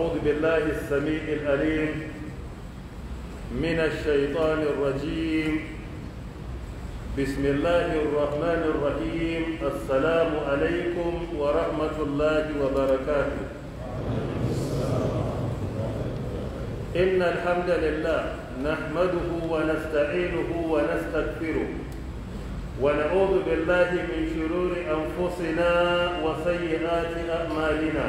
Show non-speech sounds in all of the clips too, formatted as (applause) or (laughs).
أعوذ بالله السميع العليم من الشيطان الرجيم بسم الله الرحمن الرحيم السلام عليكم ورحمة الله وبركاته إن الحمد لله نحمده ونستعينه ونستغفره ونعوذ بالله من شرور أنفسنا وسيئات أعمالنا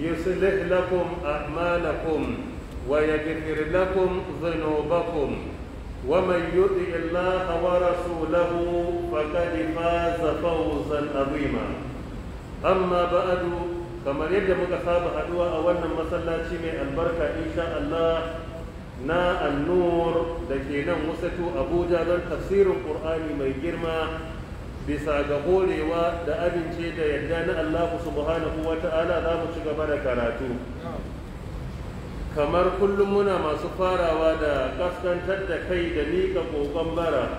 يصلح لكم أعمالكم ويغفر لكم ذنوبكم ومن يطع الله ورسوله فقد فاز فوزا عظيما أما بعد كما يبدأ مكتاب هدوء أولا مسلا شمي البركة إن شاء الله نا النور دكينا مسكو أبوجا لن تفسير القرآن من جرمه bisa ga horewa da amince da yadda na Allah subhanahu wa ta'ala za mu ci gaba da karatu kamar kullum muna masu farawa da kaskantar da kai da miƙa ƙoƙon bara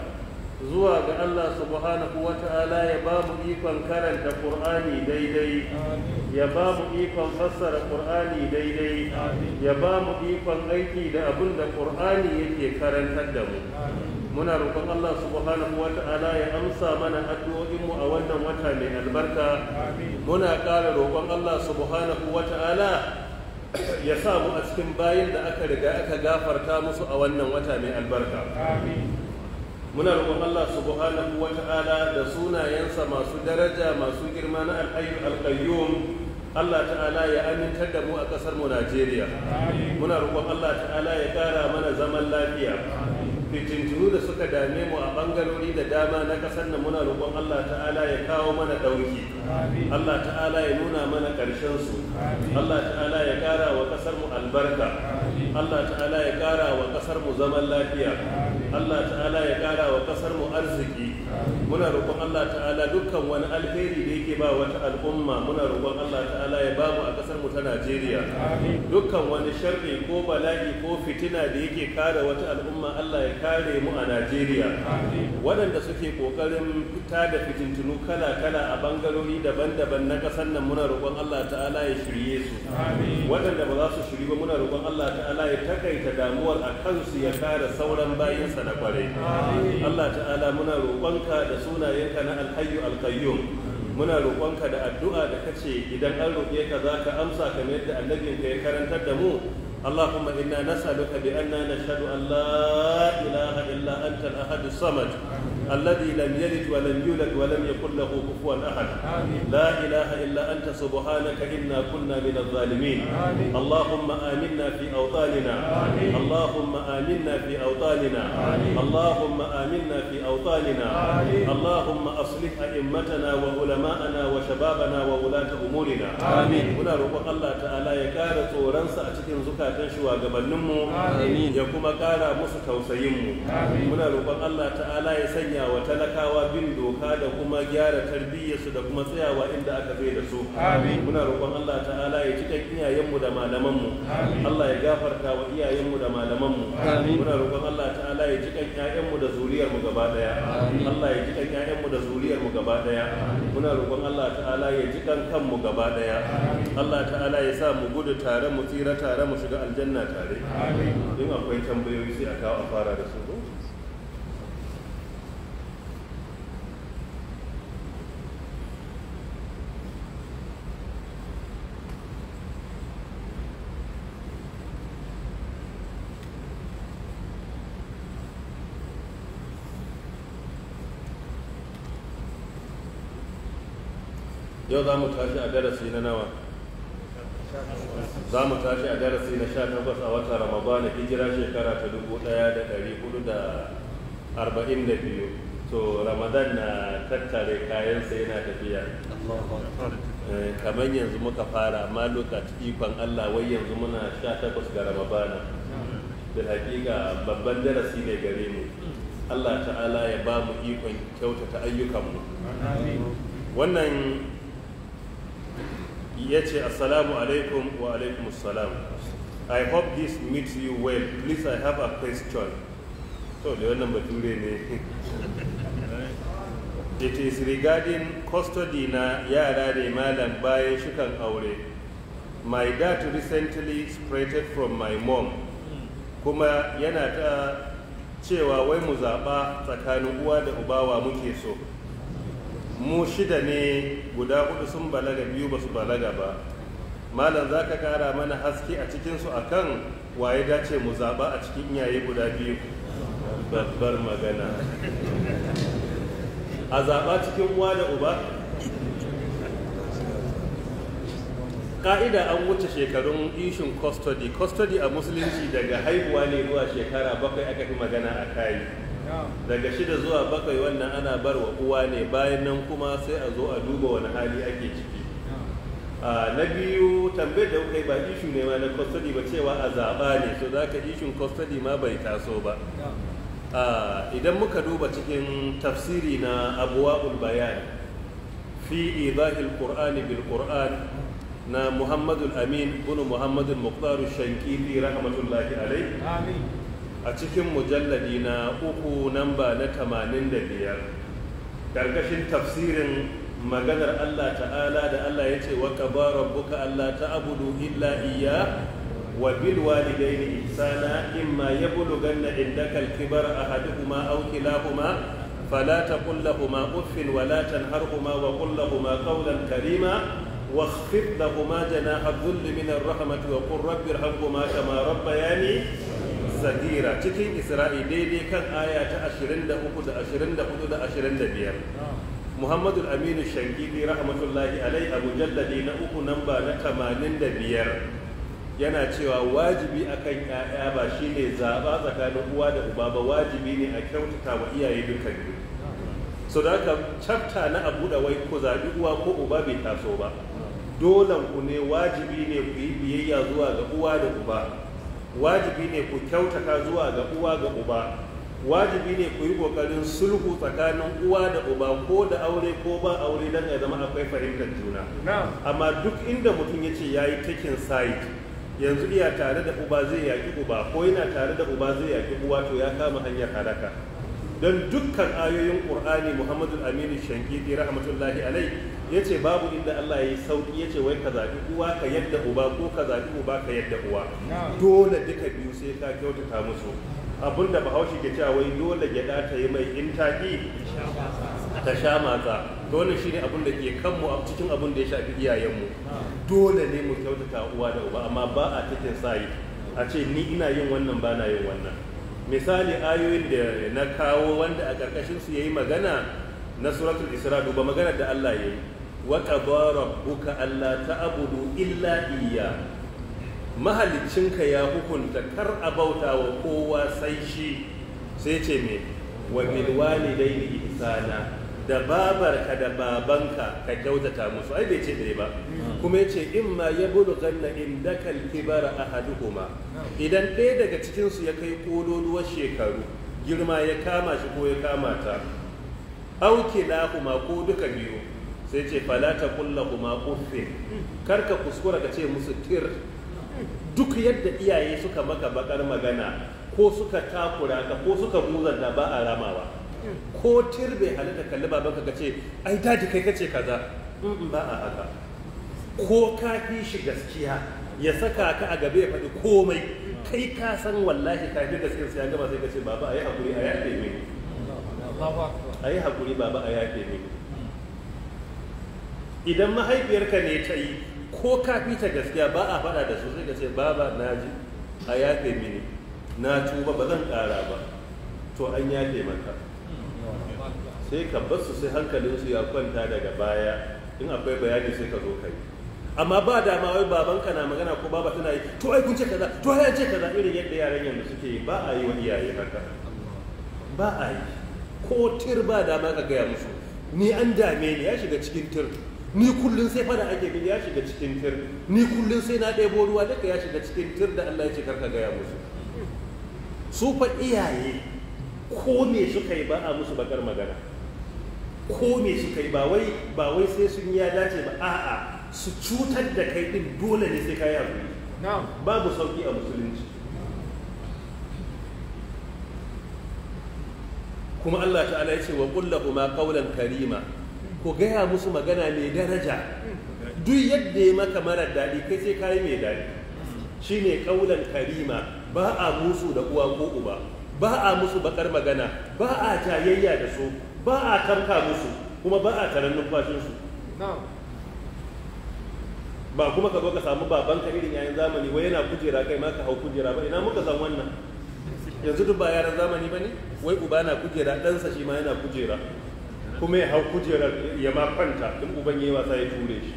zuwa ga Allah subhanahu wa ta'ala ya ba mu ikon karanta Kur'ani daidai ya ba mu ikon fassara ƙur'ani daidai ya ba mu ikon aiki da abin da Qur'ani yake karantar da mu muna roƙon Allah subhanahu wa ta'ala ya amsa mana addu'o'inmu a wannan wata mai albarka muna ƙara roƙon Allah subhanahu wa ta'ala ya sa mu a cikin bayin da aka riga aka gafarta musu a wannan wata mai albarka muna roƙon Allah subhanahu wa ta'ala da sunayensa masu daraja masu girma na alhayyu alqayyum Allah ta'ala ya amintar da mu a ƙasar mu Najeriya muna roƙon Allah ta'ala ya ƙara mana zaman lafiya fitintunu da suka dame mu a bangarori da dama na kasan nan muna roƙon Allah ta'ala ya kawo mana ɗauki Allah ta'ala ya nuna mana ƙarshen su Allah ta'ala ya ƙara wa ƙasar albarka Allah ta'ala ya ƙara wa ƙasar zaman lafiya Allah ta'ala ya ƙara wa ƙasar arziki muna roƙon Allah ta'ala dukkan wani alheri da yake ba wata al'umma muna roƙon Allah ta'ala ya bamu a ƙasar mu ta Najeriya dukkan wani sharri ko bala'i ko fitina da yake kare wata al'umma Allah ya kare mu a Najeriya waɗanda suke ƙoƙarin fita da fitintunu kala-kala a bangarori daban-daban na ƙasar nan muna roƙon Allah ta'ala ya shirye su waɗanda ba za su shiri ba muna roƙon Allah ta'ala ya takaita damuwar a kansu ya kare sauran bayansa na kwarai Allah ta'ala muna roƙonka da sunayenka na alhayyu alkayyum muna roƙonka da addu'a da kace idan an roƙe ka za ka amsa kamar yadda annabinka ya karantar da mu اللهم إنا نسألك بأننا نشهد أن لا إله إلا أنت الأحد الصمد الذي لم يلد ولم يولد ولم يكن له كفوا احد لا اله الا انت سبحانك انا كنا من الظالمين اللهم امنا في اوطاننا اللهم امنا في اوطاننا اللهم امنا في اوطاننا اللهم اصلح ائمتنا وعلماءنا وشبابنا وولاة امورنا امين muna roƙon Allah ta'ala ya ƙara tsoronsa a cikin zukatan shugabanninmu ya kuma ƙara musu tausayinmu muna roƙon Allah ta'ala ya sanya hanya wa talakawa bin doka da kuma gyara tarbiyyarsu da kuma tsayawa inda aka zai da su muna roƙon Allah ta'ala ya cika iyayenmu da malamanmu Allah ya gafarta wa iyayenmu da malamanmu muna roƙon Allah ta'ala ya cika ƴaƴanmu da zuriyarmu gaba daya Allah ya cika ƴaƴanmu da zuriyarmu gaba daya muna roƙon Allah ta'ala ya cika kanmu gaba daya Allah ta'ala ya sa mu gudu tare mu tsira tare mu shiga aljanna tare in akwai tambayoyi sai a kawo a fara da su yau za mu tashi a darasi na nawa za mu tashi a darasi na sha takwas a wata ramadana hijira shekara ta dubu daya da dari hudu da arba'in da biyu to ramadan na tattare kayan sai yana tafiya eh, kamar yanzu muka fara amma lokaci ikon allah wai yanzu muna sha takwas ga ramadana da hakika babban darasi ne gare mu allah ta'ala ya ba mu ikon kyautata ayyukanmu wannan ya ce assalamu alaikum wa alaikum assalam i hope this meets you well please i have a question to da wannan bature ne (laughs) it is regarding custody na yara ne malam bayan shukan aure my dad recently separated from my mom kuma yana ta cewa wai mu zaɓa tsakanin uwa da ubawa muke so mu shida ne guda hudu sun balaga biyu ba su balaga ba malam za ka kara mana haske a cikinsu a kan waye dace mu zaba a cikin iyaye guda biyu babbar magana a zaba cikin uwa da uba Ka'ida an wuce shekarun ishin custody custody a musulunci daga haihuwa ne zuwa shekara bakwai aka fi magana a kayi daga shida zuwa bakwai wannan ana bar wa uwa ne bayan nan kuma sai a zo a duba wani hali ake ciki na biyu tambayar da kai ba ishu ne ma na custody ba cewa a zaɓa ne so za ka ishun custody ma bai taso ba idan muka duba cikin tafsiri na abuwa bayan fi ibahil qur'ani bil qur'an na Muhammadu amin bunu muhammadul muqtaru shankili rahmatullahi alai a cikin mujalladi na uku namba na tamanin da biyar ƙarƙashin tafsirin maganar Allah ta'ala da Allah ya ce wa ba rabbuka Allah ta'budu illa iya wa bil walidaini ihsana imma yablughanna indaka al-kibara ahaduhuma aw kilahuma فلا تقل لهما اف ولا تنهرهما وقل لهما قولا كريما واخفض لهما جناح الذل من الرحمه وقل رب ارحمهما كما ربياني sagira cikin isra'i daidai kan aya ta 23 da 24 da 25 muhammadu aminu shangidi rahmatullahi alai abu jalladi na uku namba na 85 yana cewa wajibi akan 'ya'ya ba shine zaɓa tsakanin uwa da uba ba wajibi ne a kyautata wa iyaye dukkan biyu so da aka chapta na abu da wai ku zaɓi uwa ko uba bai taso ba dolan ku ne wajibi ne ku yi biyayya zuwa ga uwa da uba wajibi ne ku kyautaka zuwa ga uwa ga uba wajibi ne ku yi kokarin sulhu tsakanin uwa da uba ko da aure ko ba aure don ya zama akwai fahimtar juna amma duk inda mutum ya ce ya yi taking side yanzu iya tare da uba zai yaki uba ko yana tare da uba zai yaki uwa to ya kama hanyar halaka don dukkan ayoyin ƙur'ani muhammadu aminu shankiti rahmatullahi alai yace babu inda allah ya yi sauƙi ya wai ka zaɓi uwa ka yadda uba ko ka zaɓi uba ka yadda uwa dole duka biyu sai ka kyautata musu abinda bahaushe ke cewa wai dole gyaɗa ta yi mai in ta ta sha matsa dole shine abin da ke kanmu a cikin abin da ya shafi iyayenmu dole ne mu kyautata uwa da uba amma ba a cikin sayi a ce ni ina yin wannan ba na yin wannan misali ayoyin da na kawo wanda a ƙarƙashin su yayi magana na suratul isra duba magana da Allah yayi wa qadara rabbuka alla ta'budu illa iyya ka ya hukunta kar a bauta wa kowa sai shi sai ce me wa bil walidayni ihsana da babarka da babanka ka kyautata musu ai bai ce dai ba hmm. kuma yace in ma ya yabluganna ba a kibara kuma?' idan ɗaya daga cikin su ya kai kololuwar shekaru girma ya kama shi ko ya kama ta au kilahuma ko duka biyu sai ce fala ta kuma kuffe?' kar ka kuskura ka ce musu tir duk yadda iyaye suka maka bakar magana ko suka takura ka ko suka muzanta ba a ramawa ko tirbe halitta kalli babanka ka ce ai daji kai kace kaza ba a haka ko ka fi shi gaskiya ya saka ka a gabe ya faɗi komai kai ka san wallahi ka fi gaskiyar sai ya gaba sai ka ce baba ayi hakuri a yafe mai ayi hakuri baba a yafe mai idan mahaifiyarka ne ta yi ko ka fi ta gaskiya ba a faɗa da su sai ka ce baba na ji a yafe mini na tuba ba zan ƙara ba to an yafe maka sai ka basu sai hankalinsu ya kwanta daga baya in akwai bayani sai ka zo kai amma ba dama wai babanka na magana ko baba tana yi to ai kun ce kaza to ai ce kaza irin yadda yaran yanzu suke yi ba a yi wani iyaye haka ba a yi ko tir ba dama ka gaya musu ni an dame ni ya shiga cikin tir ni kullun sai fada ake bin ya shiga cikin tir ni kullun sai na ɗebo ruwa duka ya shiga cikin tir da Allah ya ce karka gaya musu su fa iyaye ko me suka yi ba a musu bakar magana ko me suka yi ba wai sai sun ya dace ba a'a su cutar da kai din dole ne sai kai hakuri babu sauki a musulunci kuma Allah ta'ala ya ce wa qullahu kuma qawlan karima ko gaya musu magana mai daraja duk yadda ya maka mara daɗi kai sai kayi mai daɗi shine qawlan karima ba a musu da uwa ko uba ba a musu bakar magana ba a tayayya da su ba a tanka musu kuma ba a taron numfashinsu ba kuma ka zo ka samu baban ka irin yayin zamani wai yana kujera kai ma ka hau kujera ba ina muka san wannan yanzu duk ba yaran zamani ba ne wai uba na kujera ɗansa shi ma yana kujera kuma ya hau kujerar ya ma kwanta in uban yayi wasa ya ture shi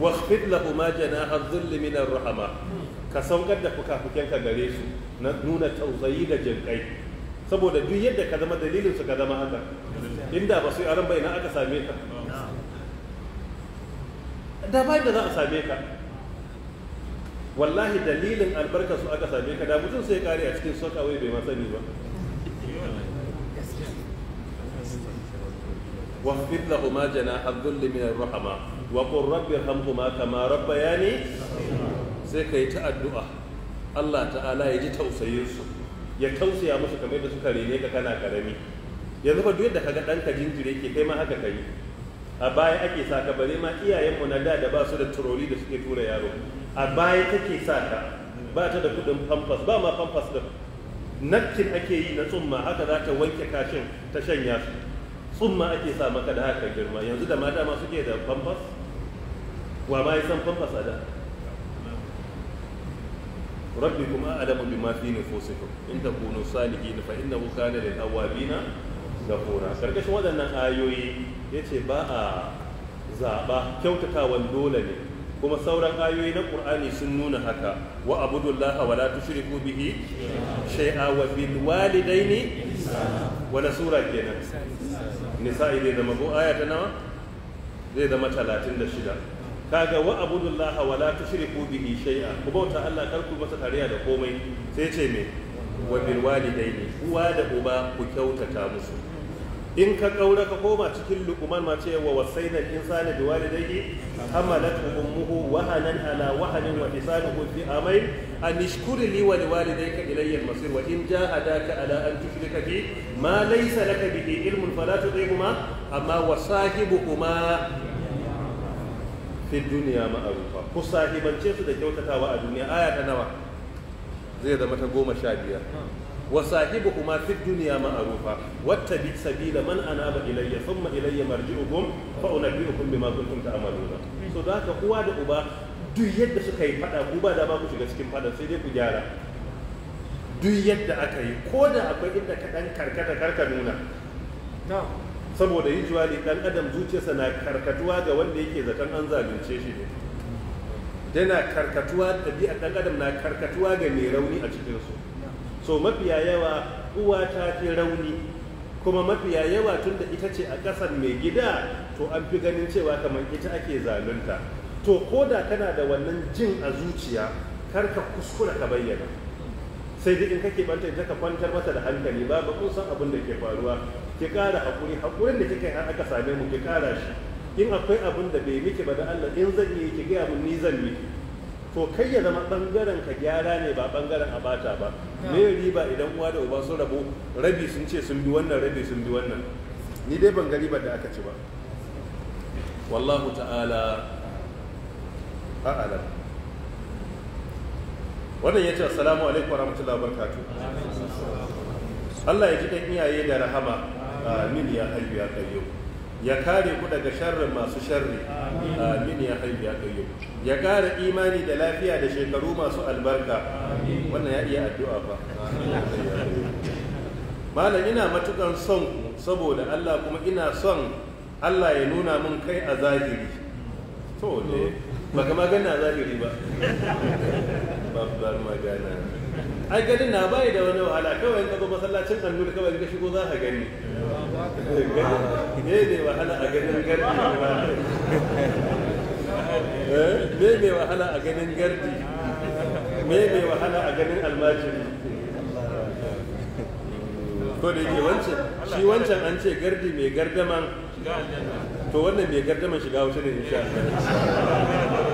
واخفض لهما جناح الذل من الرحمة كسوغد فكافكين كغريس نونا توزيي دا جنكاي saboda duk yadda ka zama dalilin ka zama haka inda ba su aran bai aka same ka da ba da za a same ka wallahi dalilin albarka aka same ka da mutum sai kare a cikin soka wai bai ba wahfid lahuma wa qur rabbi irhamhuma kama ne sai kai ta addu'a Allah ta'ala ya ji tausayinsu. ya tausaya musu kamar da suka rene ka kana karami yanzu fa duk yadda kaga ɗanka jinjiri ke kai ma haka kai a baya ake sa ka bare ma iyayenmu na da da ba su da turori da suke tura yaro a baya take sa ka ba ta da kuɗin famfas ba ma famfas din nakkin ake yi na tsumma haka za ta wanke kashin ta shanya su tsumma ake sa maka da haka girma yanzu da mata ma suke da famfas wa ma ya san famfas a da rabbi kuma adamu bi ma fi nufusikum in takunu salihin fa innahu kana lil awabina ghafura karkashin waɗannan ayoyi yace ba a zaɓa kyautatawan dole ne kuma sauran ayoyi na ƙur'ani sun nuna haka wa abudullaha wa la tushriku bihi shay'a wa bil walidaini wala sura kenan nisa'i zai zama ko aya ta nawa zai zama 36 kaga wa abudullah wa la tushriku bihi shay'a ku bauta Allah kar ku masa tariya da komai sai ce me wa bil walidaini uwa da uba ku kyautata musu in ka kaura ka koma cikin luqman ma ce wa wasaina insana bi walidayhi hamalat ummuhu wahanan ala wahanin wa fisaluhu fi amain an ishkuri li wa liwalidayka ilayya al-masir wa in jahadaka ala an tushrika bi ma laysa laka bihi ilmun fala tudhihuma amma wa sahibuhuma fi duniya ma'arufa ku sahibance su da kyautatawa a duniya aya ta nawa zai zama ta goma sha biyar wa sahibu kuma fi duniya ma'arufa wata bi sabila man ana ba ilayya ma ilayya marji'ukum fa unabbi'ukum ta amalu ta'maluna so da haka uwa da uba duk yadda suka yi fada ku ba da ba ku shiga cikin fada sai dai ku gyara duk yadda aka yi ko da akwai inda kaɗan karkata karka nuna saboda yin juwali dan adam zuciyarsa na karkatuwa ga wanda yake zaton an zalunce shi ne tana karkatuwa ɗabi'ar dan adam na karkatuwa ga mai rauni a cikinsu so mafiya yawa uwa ta fi rauni kuma mafiya yawa tun da ita ce a ƙasar mai gida to an fi ganin cewa kamar ita ake zalunta to ko da kana da wannan jin a zuciya kar ka kuskura ka bayyana sai dai in kake banta ita ka kwantar masa da hankali babu kun san abin da ke faruwa ki ƙara hakuri, hakurin da kika yi har aka same mu ki ƙara shi in akwai abin da bai miki ba da Allah in zan yi ki gaya mun ni zan miki to kai ya zama bangaren ka gyara ne ba bangaren a bata ba me riba idan uwa da uba sun rabu rabi sun ce sun bi wannan rabi sun bi wannan ni dai ban gari ba da aka ci ba wallahu ta'ala a'ala wannan ya ce assalamu alaikum wa rahmatullahi wa barakatuh Allah ya ji ɗan iyaye da rahama amin ya hayyu ya qayyum ya kare ku daga sharrin masu sharri amin ya hayyu ya qayyum ya kara imani da lafiya da shekaru masu albarka wannan ya iya addu'a ba malam ina matukan son ku saboda Allah kuma ina son Allah ya nuna mun kai a zahiri to ne ba kama gana zahiri ba babbar magana ai ganin na bai da wani wahala kawai ka zo masallacin da kawai ka shigo za ka gani ne ne wahala a ganin gardi ne eh, ne wahala a ganin gardi ne ne wahala a ganin almajiri ko da yake wancan shi wancan an ce gardi mai gardaman to wannan mai gardaman shiga wuce ne insha Allah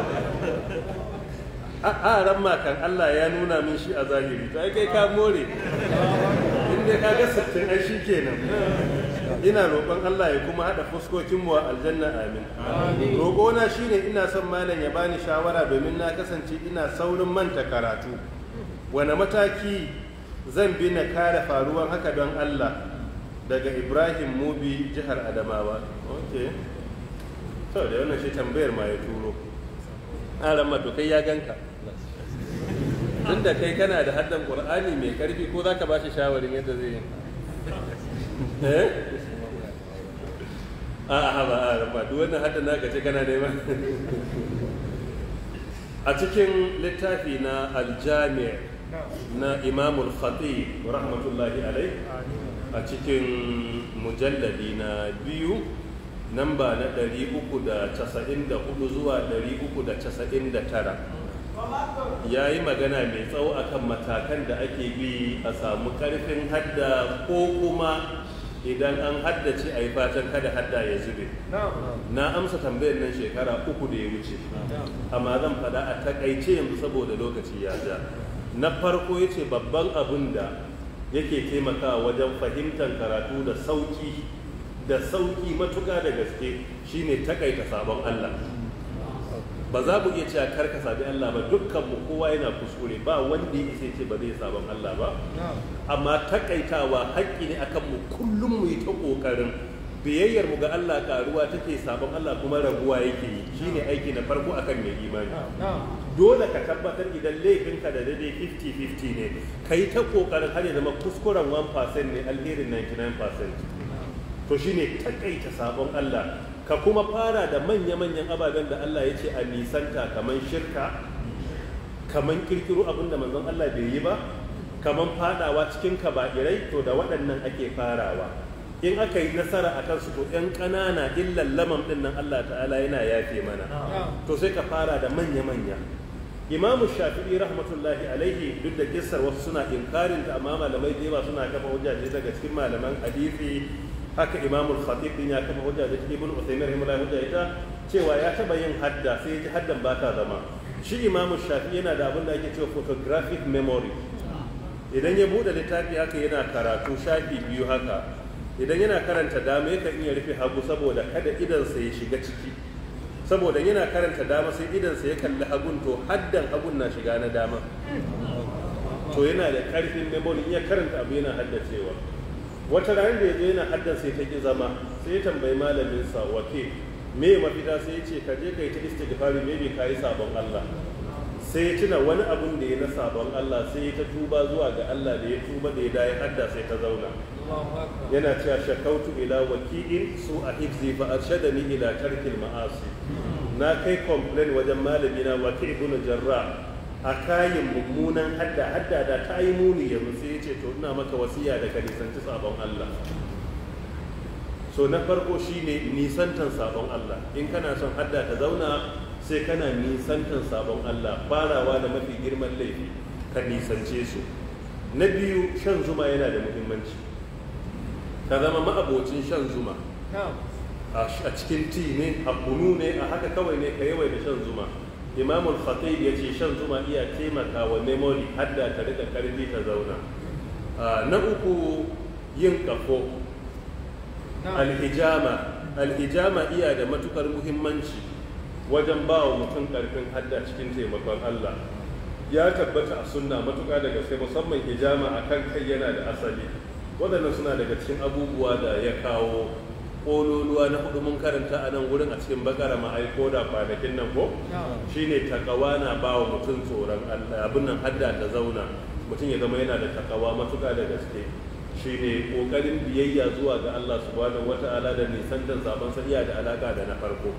a ran makan Allah ya nuna min shi a zahiri to ai kai ka more inda ka ga sattin ai shi kenan ina roƙon Allah ya kuma haɗa fuskokin mu a aljanna amin roƙo na shine ina son malam ya bani shawara domin na kasance ina saurin manta karatu wani mataki zan bi na kare faruwan haka don Allah daga Ibrahim Mubi jihar Adamawa okay to da wannan shi tambayar ma ya turo aran matokai ya ganka tun da kai kana da haddan qur'ani mai karfi ko za ka ba shi shawarin yadda zai yi eh? a a ba a ba duk wannan haddan na ce kana neman a cikin littafi na aljami' na imamul khati rahmatullahi alai a cikin mujalladi na biyu namba na 394 zuwa 399 ya yi magana mai tsawo a kan matakan da ake bi a samu karfin hadda ko kuma idan an haddace a yi fatan kada hadda ya zube na amsa tambayar nan shekara uku da ya wuce amma zan faɗa a takaice yanzu saboda lokaci ya ja na farko ya ce babban abin da yake taimakawa wajen fahimtar karatu da sauki da sauki matuƙa da gaske shi shine takaita sabon Allah ba za mu iya cewa kar ka sabi Allah ba dukkan kowa yana kuskure ba wanda ya ce ba zai sabon Allah ba amma takaitawa haƙƙi ne akan mu kullum mu yi ta ƙoƙarin biyayyar mu ga Allah karuwa take sabon Allah kuma raguwa yake yi shine aiki na farko akan mai imani dole ka tabbatar idan laifinka da daidai 50-50 ne ka yi ta kokarin har ya zama kuskuren 1% ne alherin 99% to shi ne takaita sabon Allah ka kuma fara da manya-manyan ababen da Allah ya ce a nisanta kamar shirka kamar kirkiro abin da manzon Allah bai yi ba kamar fadawa cikin kaba'irai to da waɗannan ake farawa in aka yi nasara a kansu to 'yan ƙanana illan laman ɗin nan Allah ta'ala yana yafe mana to sai ka fara da manya-manya imamu shafi'i rahmatullahi alaihi duk da kissar wasu suna inkarin da amma malamai da yawa suna kafa hujjaje daga cikin malaman hadisi haka imamul khatib din ya kafa hujja da ibn usaymin rahimahullah hujja ita cewa ya taba yin hadda sai ya ji haddan ba ta zama shi imamu shafi yana da abin da ake cewa photographic memory idan ya bude littafi haka yana karatu shafi biyu haka idan yana karanta dama yakan iya rufe hagu saboda kada sa ya shiga ciki saboda yana karanta dama sai sa ya kalli hagun to haddan hagun na shiga na dama to yana da karfin memory in ya karanta abu yana haddacewa wata ranar da ya zo yana haddan sai ta ki zama sai ya tambayi malamin sa wake me mafita sai ya ce ka je kai ta istighfari me bai kai sabon Allah sai ya tuna wani abun da ya na sabon Allah sai ya ta tuba zuwa ga Allah da ya tuba da ya dai hadda sai ta zauna yana cewa shakautu ila waki'in su a a fa arshadani ila tarkil ma'asi na kai complain wajen malamina wake ibn jarrah a kayan mummunan hadda hadda da ta yi muni yanzu sai ya ce to ina maka wasiya da ka nisanci sabon Allah so na farko shine nisantan sabon Allah in kana son hadda ta zauna sai kana nisantan sabon Allah farawa da mafi girman laifi ka nisance su na biyu shan zuma yana da muhimmanci ka zama ma'abocin shan zuma a cikin ti ne a ne a haka kawai ne ka yawai da shan zuma Imamul al ya ce shan zuma iya taimaka wa memory hadda ta rika karfi ta zauna ah, na uku yin kafo alhijama alhijama iya da matukar muhimmanci wajen ba wa mutum karfin hadda cikin taimakon Allah ya tabbata a sunna matuka daga sai musamman hijama a kan kai yana da asali waɗannan suna daga cikin abubuwa da ya kawo ƙololuwa na hudu mun karanta a nan wurin a cikin bakara ma'aiko da kwanakin nan ko shine takawa na ba wa mutum tsoron abin nan hadda ta zauna mutum ya zama yana da takawa matuƙa da gaske shine ƙoƙarin biyayya zuwa ga Allah subhanahu wata'ala da da zaben sariya da alaka da na farko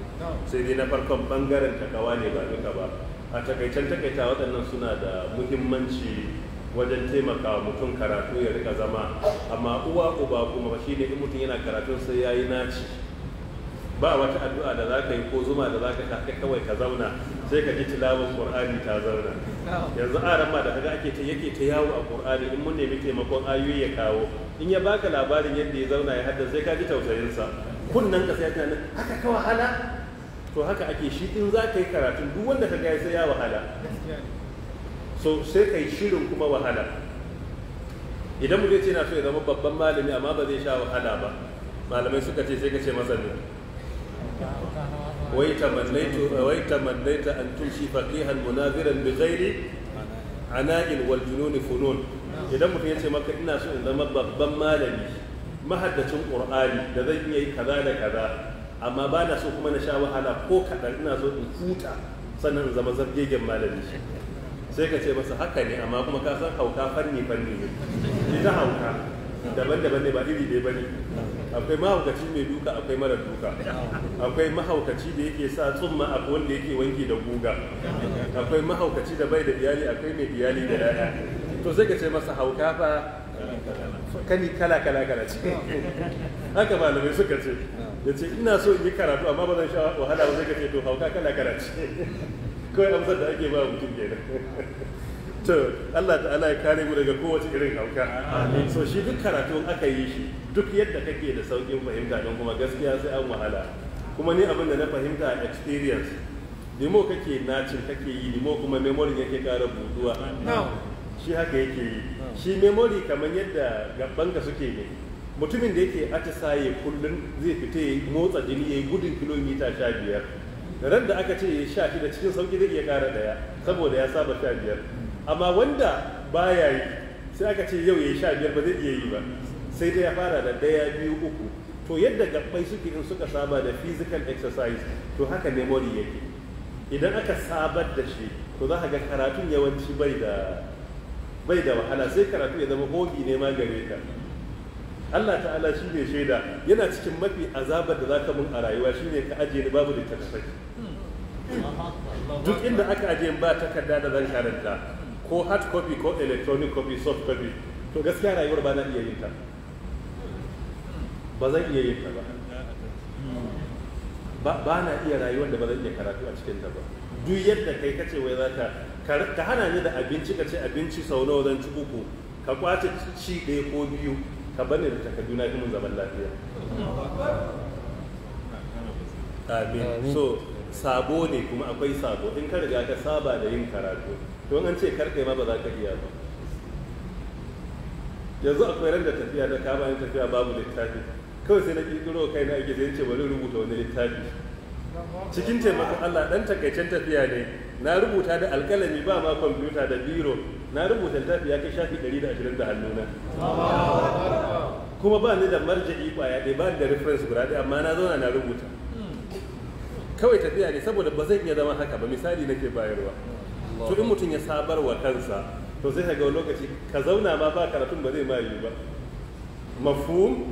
sai dai na farkon bangaren takawa ne ba duka ba a takaicen takaita waɗannan suna da muhimmanci wajen taimaka mutum karatu ya rika zama amma uwa ba kuma shi ne in mutum yana karatun sai ya naci ba wata addu'a da zaka yi ko zuma da zaka ka kai kawai ka zauna sai ka ji tilawar qur'ani ta zauna yanzu arama ma da kaga ake ta yake ta yawo a qur'ani in mun nemi taimakon ayoyi ya kawo in ya baka labarin yadda ya zauna ya haddace sai ka ji tausayinsa kunnan ka sai ka haka ka wahala to haka ake shi in zaka yi karatu duk wanda ka ga sai ya wahala so sai kai shirin kuma wahala idan mutum ce na so ya zama babban malami amma ba zai sha wahala ba malamai suka ce sai ka ce masa ne wai tamannaitu wai mallaita an tushi faqihan munaziran bi ghairi ana'il wal junun funun idan mutum ya ce maka ina so in zama babban malami mahaddacin qur'ani da zan iya yi kaza da kaza amma ba na so kuma na sha wahala ko kadan ina so in futa sannan in zama zargegen malami sai ka ce masa haka ne amma kuma ka san hauka fanni fanni ne ita hauka daban-daban ne ba iri ɗaya ba ne akwai mahaukaci mai duka akwai mara duka akwai mahaukaci da yake sa tsumma akwai wanda yake wanki da guga akwai mahaukaci da bai da iyali akwai mai iyali da yaya to sai ka ce masa hauka fa kani kala kala kala ce haka malamai suka ce da ce ina so in yi karatu amma ba zan sha wahala ba sai ka ce to hauka kala kala ce kawai amsa da ake ba mutum kenan (laughs) to Allah ta'ala ya kare mu daga kowace irin hauka so shi duk karatu aka yi shi duk yadda kake da saukin fahimta don kuma gaskiya sai an wahala kuma ni abin da na fahimta experience limo kake nacin kake yi nemo kuma memory yake kara buduwa shi haka yake yi shi memory kamar yadda gabanka suke ne mutumin da yake atisaye kullum zai fita ya motsa jini ya yi gudun kilomita sha biyar ran da aka ce ya sha shi, da cikin sauki zai iya ƙara ɗaya saboda ya saba sha biyar amma wanda baya yi sai aka ce yau ya sha biyar ba zai iya yi ba sai dai ya fara da ɗaya biyu uku to yadda gabbai suke in suka saba da physical exercise to haka memory yake idan aka sabar da shi to za ka ga karatun yawanci bai da bai da wahala sai karatu ya zama hobi ne ma gare ka Allah ta'ala shi ne shaida yana cikin mafi azabar da za ka mun a rayuwa shi ne ka ajiye ni babu littattafai duk inda aka ajiye ba takarda da zan karanta ko hard copy ko electronic copy soft copy to gaskiya rayuwar ba na iya yin ta ba zan iya yin ta ba ba na iya rayuwar da ba zan iya karatu a cikin ta ba duk yadda kai kace wai za ka ka hana ni da abinci ka ce abinci sau nawa zan ci uku ka kwace ci ɗaya ko biyu ka bane da takardu na mun zaman lafiya amin so sabo ne kuma akwai sabo in ka riga ka saba da yin karatu to an ce karkai ma ba za ka iya ba yanzu akwai ran da tafiya da kama yin tafiya babu littafi kawai sai na kirkiro kai na ake zai ce bari rubuta wani littafi cikin taimakon Allah ɗan takaicen tafiya ne na rubuta da alkalami ba ma kwamfuta da biro na rubuta littafi ya kai shafi 120 da hannuna kuma ba ni da marja'i kwaya ɗaya ba ni da reference guda ɗaya amma na zauna na rubuta kawai tafiya ne saboda ba zai iya zama haka ba misali nake bayarwa to in mutum ya sabar wa kansa to sai ga lokaci ka zauna ma ba karatun ba zai ma yi ba mafhum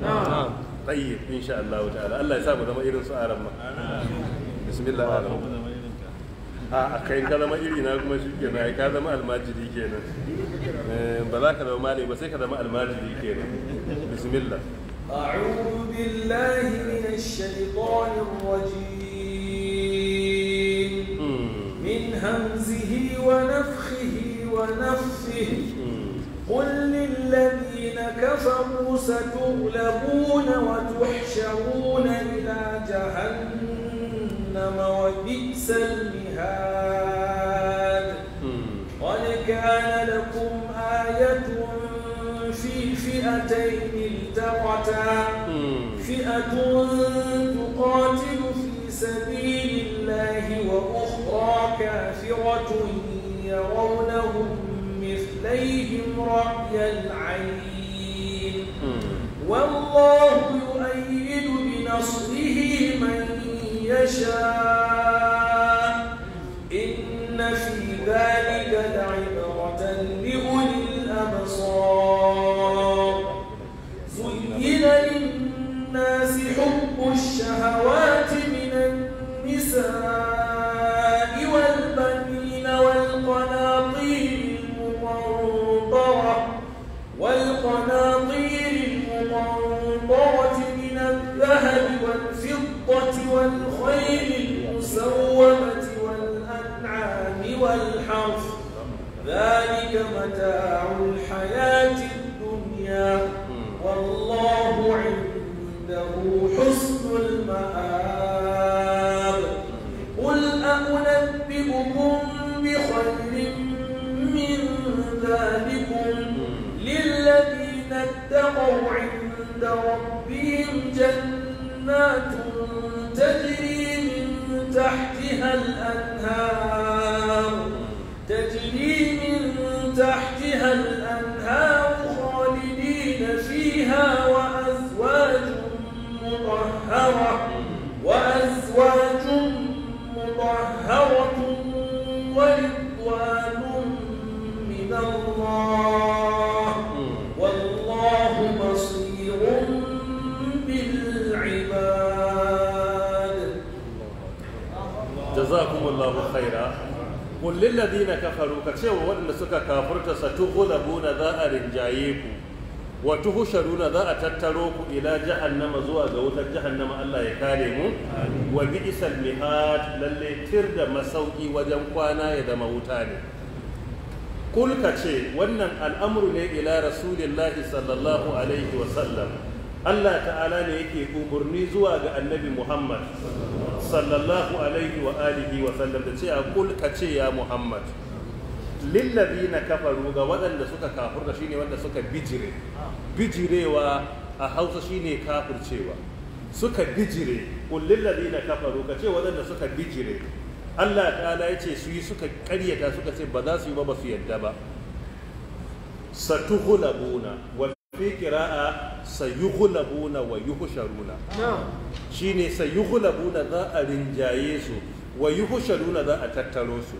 tayyib insha Allah ta'ala Allah ya sa mu zama irin su aran ma bismillah a kai ka zama iri na kuma shi ke ka zama almajiri kenan eh, ba za ka zama malami ba sai ka zama almajiri kenan bismillah أعوذ بالله من الشيطان الرجيم من همزه ونفخه ونفثه قل للذين كفروا ستغلبون وتحشرون إلى جهنم جهنم وبئس المهاد قد كان لكم آية في فئتين التقتا فئة تقاتل في سبيل الله وأخرى كافرة يرونهم مثليهم رأي العين والله متاع الحياة الدنيا والله عنده حسن المآب قل أنبئكم بخير من ذلكم للذين اتقوا عند ربهم جنات تجري من تحتها الأنهار تجري تحت kullin ladina kafaru ka ce wa waɗanda suka kafurta sa da na za a rinjaye ku wa tuhsharuna za a tattaro ku ila nama zuwa ga wutar jihar nama Allah ya kare mu wa bi'sal mihad lalle tir da masauki wajen kwana ya zama wuta ne kul ka ce wannan al'amru ne ila rasulillahi sallallahu alaihi wa sallam Allah ta'ala ne yake umurni zuwa ga annabi Muhammad sallallahu alaihi wa alihi wa sallam da ce a kulka ce ya Muhammad na kafaru ga waɗanda suka da shine wanda suka bijire bijirewa a Hausa shine kafurcewa suka bijire kul na kafaru ka ce waɗanda suka bijire Allah ta'ala ya ce su yi suka karyata suka ce ba za su yi ba ba su yadda ba satuhulabuna wa fi kira'a sayuhulabuna wa yuhusharuna shine sayuhulabuna za a rinjaye su wa yuhusharuna za a tattaro su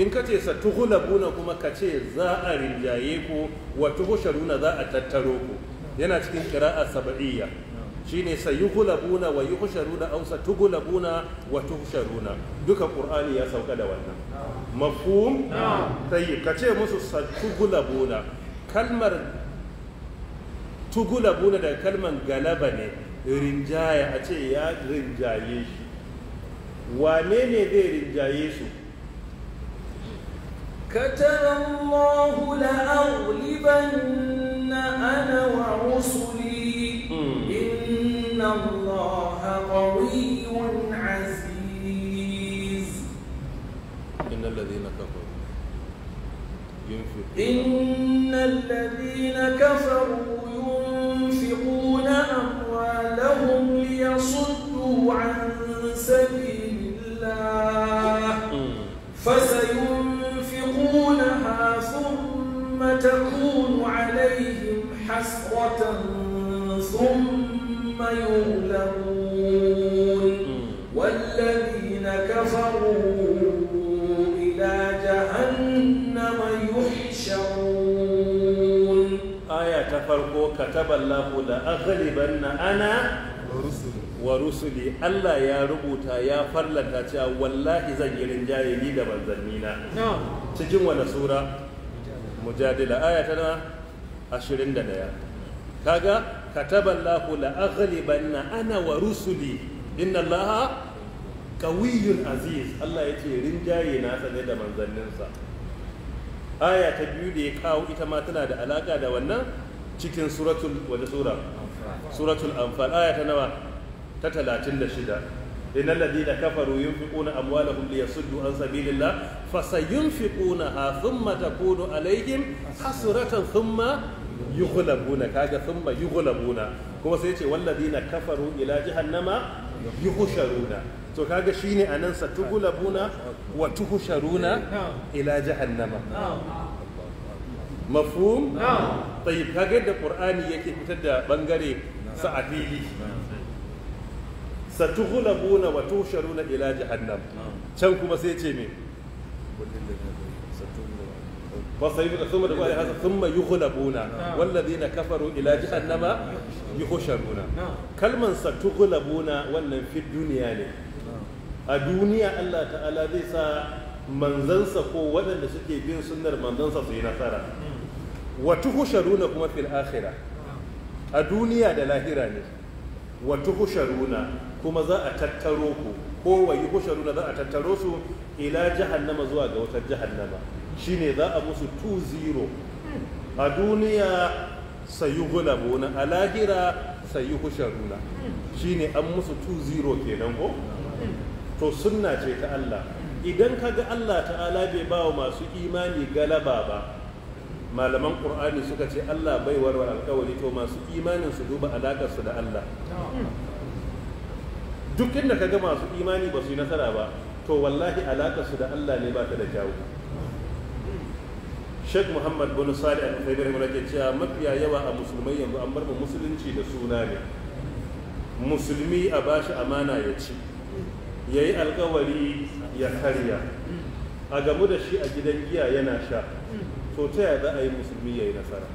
in ka ce sa satuhulabuna kuma ka ce za a rinjaye ku wa tu tuhusharuna za a tattaro ku yana cikin kira a saba'iya kira'a sab'iyya shine sayuhulabuna wa yuhsharuna aw satughlabuna wa tuhsharuna duka qur'ani ya sauka da wannan mafhum tayyib kace musu satughlabuna kalmar tugulabuna da kalman galaba ne rinjaya a ce ya rinjaye shi wane ne zai rinjaye su كتب الله لأغلبن أنا ورسلي إن الله قوي عزيز إن الذين كفروا إن الذين كفروا farko da la aghlibanna ana wa rusuli Allah ya rubuta ya fallata cewa wallahi zan yi rinjaye ni da manzanni na cikin wani sura mujadila aya tana 21 kaga kataballahu la aghlibanna ana wa rusuli inna allaha qawiyyun aziz Allah yace rinjaye na sane da manzanninsa aya ta biyu da ya kawo ita ma tana da alaƙa da wannan cikin suratul wani sura suratul anfal aya ta nawa ta 36 إن الذين كفروا ينفقون أموالهم ليصدوا عن سبيل الله فسينفقونها ثم تكون عليهم حسرة ثم yughlabuna kaga thumma yughlabuna kuma sai ce walladina kafaru ila jahannama yuhsharuna to kaga shine anan sa tughlabuna wa tuhsharuna ila jahannama mafhum tayyib kaga da qur'ani yake fitar da bangare sa afili fili satughlabuna wa tuhsharuna ila jahannam can kuma sai ce me فسيبقى ثم تقول هذا ثم يغلبون والذين كفروا الى جهنم يحشرون كلمه ستغلبون wannan fi duniya ne a duniya Allah ta'ala zai sa manzansa ko waɗanda suke bin sunnar manzansa suyi nasara hmm. wa tuhsharuna kuma fil akhirah hmm. a duniya da lahira ne wa tuhsharuna kuma za a tattaro ku ko wa yuhsharuna za a tattaro su ila jahannama zuwa ga wutar jahannama shine za a musu 2-0 a duniya yi sayi gulabuna a lahira sayi Shi shine an musu 2-0 kenan ko to sunna ce ta Allah idan ka ga Allah ta'ala bai ba wa masu imani galaba ba malaman ƙur'ani suka ce Allah bai warware alƙawari to masu imanin su duba alaƙarsu da Allah duk inda ka ga masu imani ba su yi nasara ba to wallahi alaƙarsu da Allah ne ba ta da kyawu sheikh muhammad bin sali al uthaymin rahimahullah ke cewa mafiya yawa a musulmai yanzu an bar musulunci da suna ne musulmi a bashi amana ya ci yayi alkawari ya karya a gamu da shi a gidan giya yana sha to ta yaya za a yi musulmi yayi yi nasara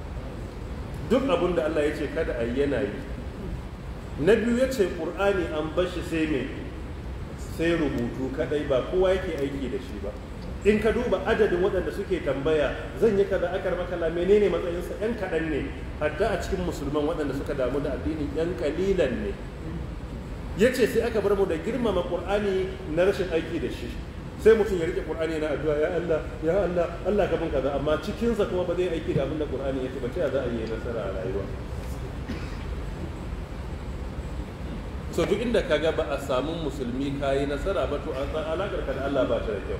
duk abin da Allah ya ce kada a yi yana yi na biyu ya ce ƙur'ani an bashi sai mai sai rubutu kadai ba kowa yake aiki da shi ba in ka duba adadin waɗanda suke tambaya zan yi kaza akar makala menene matsayinsa yan kaɗan ne hatta a cikin musulman waɗanda suka damu da addini yan kalilan ne ya ce sai aka bar mu da girmama ƙur'ani na rashin aiki da shi sai mutum ya rike ƙur'ani na addu'a ya Allah ya Allah Allah ka bin kaza amma cikinsa kuma ba zai aiki da abin da ƙur'ani ya ce ba ta za a yi nasara a rayuwa so duk inda kaga ba a samu musulmi kayi nasara ba to alakar ka da Allah ba ta da kyau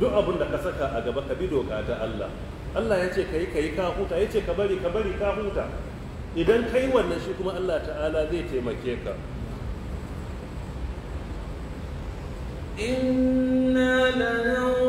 duk abin da ka saka a gaba ka bi doka ta Allah Allah ya ce ka yi ka huta ya ce ka bari ka bari ka huta idan ka yi wannan shi kuma Allah ta'ala zai taimake ka inna lanau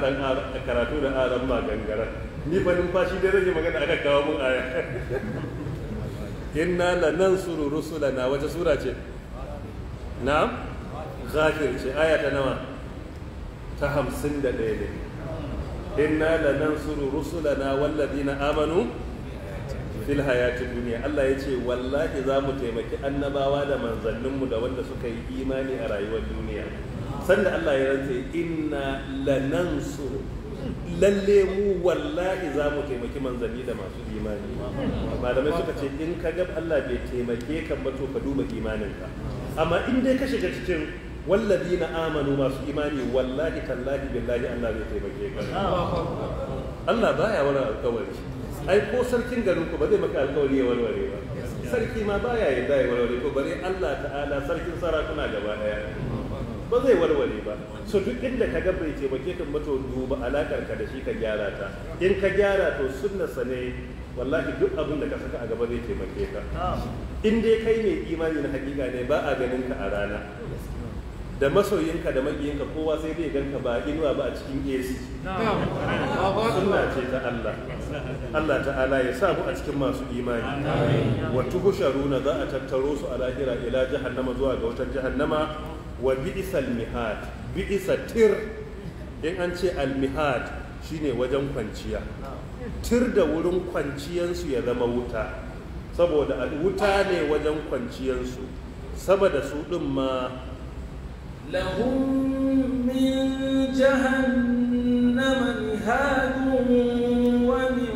wahalan karatu da aran ma gangaren ni fa numfashi dai rage magana aka kawo mun aya inna lanansuru rusulana wace sura ce na'am ghafir ce aya ta nawa ta hamsin da ɗaya ne inna lanansuru rusulana na amanu fil hayati duniya Allah ya ce wallahi za mu taimaki annabawa da manzanninmu da wanda suka yi imani a rayuwar duniya sanda Allah ya rantse inna su lalle mu wallahi za mu taimaki manzanni da masu imani malamai suka ce in ka ga Allah bai taimake ka ba to ka duba imaninka amma in dai ka shiga cikin na amanu masu imani wallahi tallahi billahi Allah bai taimake ka Allah baya wani alkawari ai ko sarkin garin ku ba zai maka alkawari ya warware ba sarki ma baya ya dai warware ko bare Allah ta'ala sarkin sarakuna gaba daya ba zai warware ba so duk inda ka bai taimake kan mato duba alakar ka da shi ka gyara ta in ka gyara to sunnarsa ne wallahi duk abin da ka saka a gaba zai taimake ka in dai kai mai imani na hakika ne ba a ganin ka a rana da masoyinka da makiyinka kowa sai zai ganka ba inuwa ba a cikin AC sunna ce ta Allah Allah ta'ala ya sa mu a cikin masu imani wa tuhsharuna za a tattaro su a lahira ila jahannama zuwa ga wutar jahannama wa bi'isal mihad bi'isa tir in an ce al mihad shine wajen kwanciya tir da wurin kwanciyansu ya zama wuta saboda al wuta ne wajen kwanciyansu saboda su din ma lahum min jahannama mihadun wa min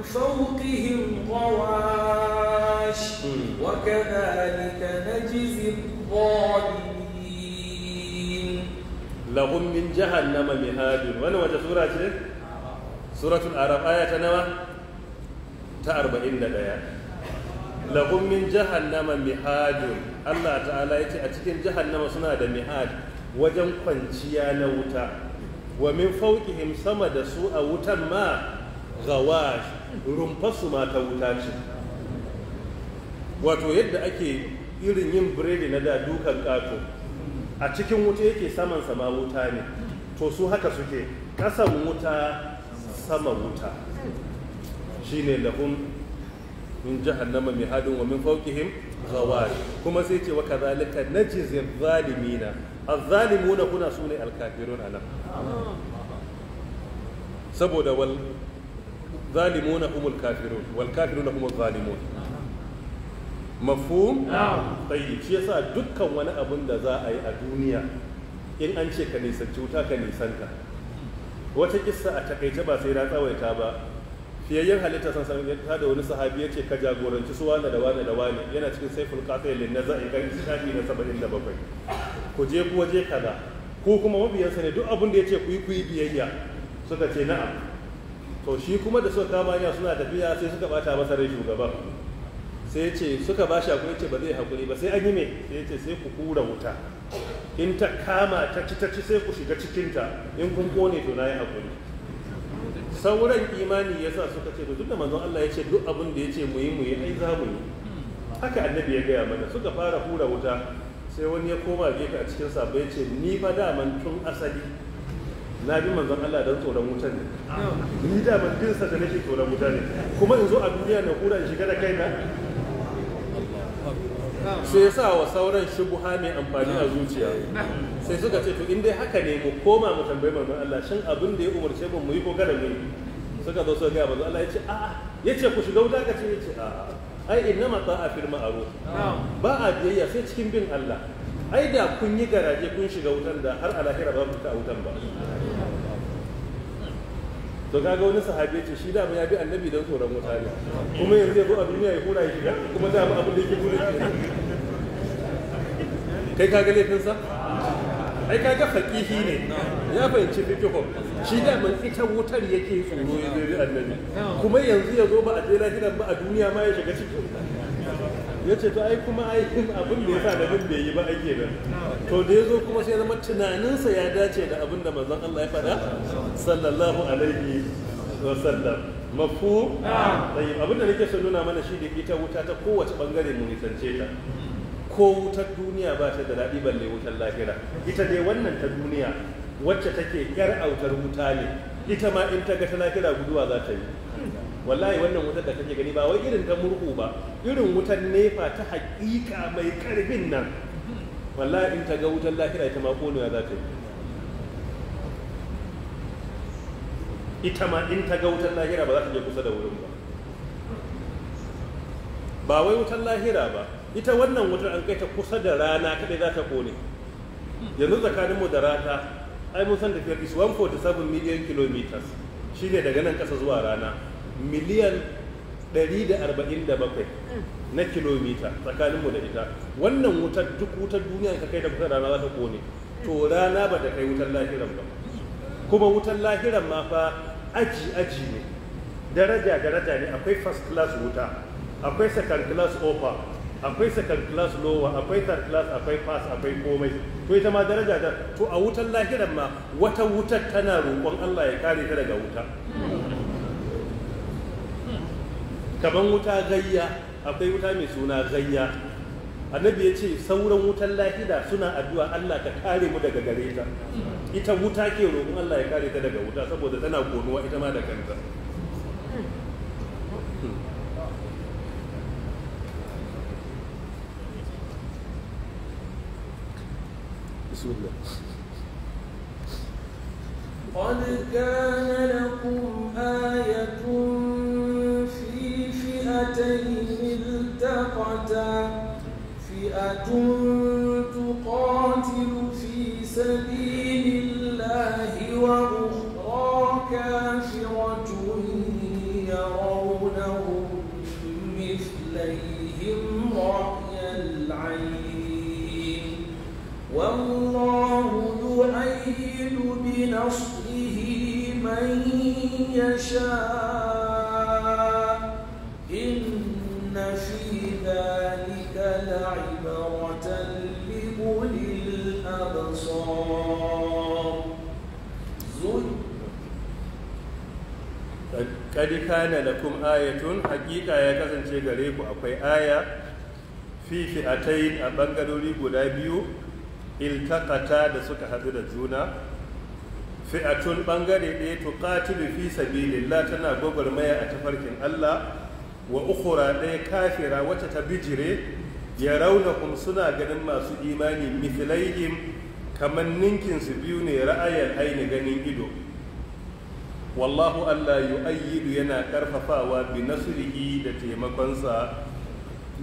fawqihim qawash hmm. wa kadhalika lahum min jahannama mihadun wannan wace sura ce suratul arab aya ta nawa ta 41 lahum min jahannama mihadun Allah ta'ala yace a cikin jahannama suna da mihad wajen kwanciya na wuta wa min fawqihim sama da su a wutan ma gawa rumfasu ma ta wuta ce wato yadda ake irin yin biredi na da dukan ƙato a cikin wuta yake saman sama wuta ne to su haka suke ƙasan wuta sama wuta Shi ne lahum min jahannama hadin wa min fawqihim zawari kuma sai ce wa kadhalika najzi adh a adh-dhalimuna kuna ne alkafirun a nan. saboda wal na kuma kafirun wal kafirun na humul zalimun mafhum tayyib shi yasa dukkan wani abin da za a yi a duniya in an ce ka nisanci wuta ka nisanta wata kissa a takaice ba sai na tsawaita ba fiyayyen halitta san san ya da wani sahabi ya ce ka jagoranci su wane da wane da wane yana cikin saiful qatayl lin nazai kan shafi na 77 ku je ku waje kaza ko kuma mabiyansa ne duk abin da ya ce ku yi ku yi biyayya suka ce na'am to shi kuma da suka kama suna tafiya sai suka bata masa rai shugaban sai ce suka ba shi hakuri ce ba zai hakuri ba sai an yi me sai ce sai ku kura wuta in ta kama ta ci ta ci sai ku shiga cikinta in kun kone to na yi hakuri sauran imani ya sa suka ce to duk da manzon Allah ya ce duk abin da ya ce mu yi mu yi ai za mu yi haka annabi ya gaya mana suka fara hura wuta sai wani ya koma gefe a cikin sabo ya ce ni fa daman tun asali na bi manzon Allah don tsoron wuta ne ni daman dinsa da nake tsoron wuta ne kuma in zo a duniya na hura in shiga da kaina sai ya sa wa sauran shubuha mai amfani a zuciya sai suka ce to in dai haka ne mu koma mu tambayi manzon Allah shin abin da ya umarce mu yi ko kada mu yi suka zo suka ga manzon Allah ya ce a'a ce ku shiga wuta ka ce ya ce a'a ai inna ma ta'a fil ma'ruf ba a biyayya sai cikin bin Allah ai da kun yi garaje kun shiga wutan da har a lahira ba mu ta wutan ba to kaga wani sahabi ce shi dama ya bi annabi don tsoron wuta ne kuma yanzu ya zo a duniya ya hura shi kuma dama abin da yake hura shi kai kaga laifinsa ai kaga faqihi ne ya fahimci fiqhu shi da ita wutar yake tsoro ya bi annabi kuma yanzu ya zo ba a je gidan ba a duniya ma ya shiga ciki ya ce to ai kuma ai abin da ya sa da bai yi ba ake da to da ya zo kuma sai zama tunaninsa ya dace da abin da manzon Allah ya faɗa sallallahu alaihi wa sallam mafu tayyib abin da nake so nuna mana shi da ita wuta ta kowace bangare mu nisance ta ko wutar duniya ba ta da daɗi balle wutar lahira ita dai wannan ta duniya wacce take yar autar wuta ne ita ma in ta ga ta lahira guduwa za ta yi wallahi wannan wutar da kake gani ba wai irin ta murhu ba irin wutar nefa ta hakika mai karfin nan wallahi in ta ga wutar lahira ita ma ƙonewa za ta yi ita ma in ta ga wutar lahira ba za ta je kusa da wurin ba ba wai wutar lahira ba ita wannan wutar an kai ta kusa da rana kadai za ta kone. yanzu tsakaninmu da rata ai mun san tafiyar is 147 million kilometers shi ne daga nan ƙasa zuwa rana miliyan 147 hmm. na kilomita tsakaninmu da ita wannan wutar duk wutar duniya ka kai da kusa rana za ta kone to hmm. rana ba ta kai wutar lahiran ba kuma wutar lahiran ma fa aji aji ne daraja daraja ne akwai first class wuta akwai second class offer akwai second class lower akwai third class akwai pass akwai komai to ita ma daraja da to a wutar lahiran ma wata wutar tana roƙon Allah ya kare ta daga wuta hmm. kaman wuta gayya akwai wuta mai suna gayya annabi ya ce sauran wutan lahida suna addu'a Allah ka kare mu daga gare ta ita wuta ke roƙon Allah ya kare ta daga wuta saboda tana konuwa ita ma da kanta قد كان لكم آية فئتين التقتا فئة qad kana lakum ayatun hakika ya kasance gare ku akwai aya fi fi'atain a bangarori guda biyu iltaqata da suka hadu da juna fi'atun bangare ɗaya tuqatilu fi sabilillah tana maya a tafarkin Allah wa ukura ɗaya kafira wacce ta bijire ya kuma suna ganin masu imani mithlaihim kamar ninkinsu biyu ne ra'ayar aini ganin ido wallahu Allah yu'ayyidu yana karfafawa bi nasrihi da taimakonsa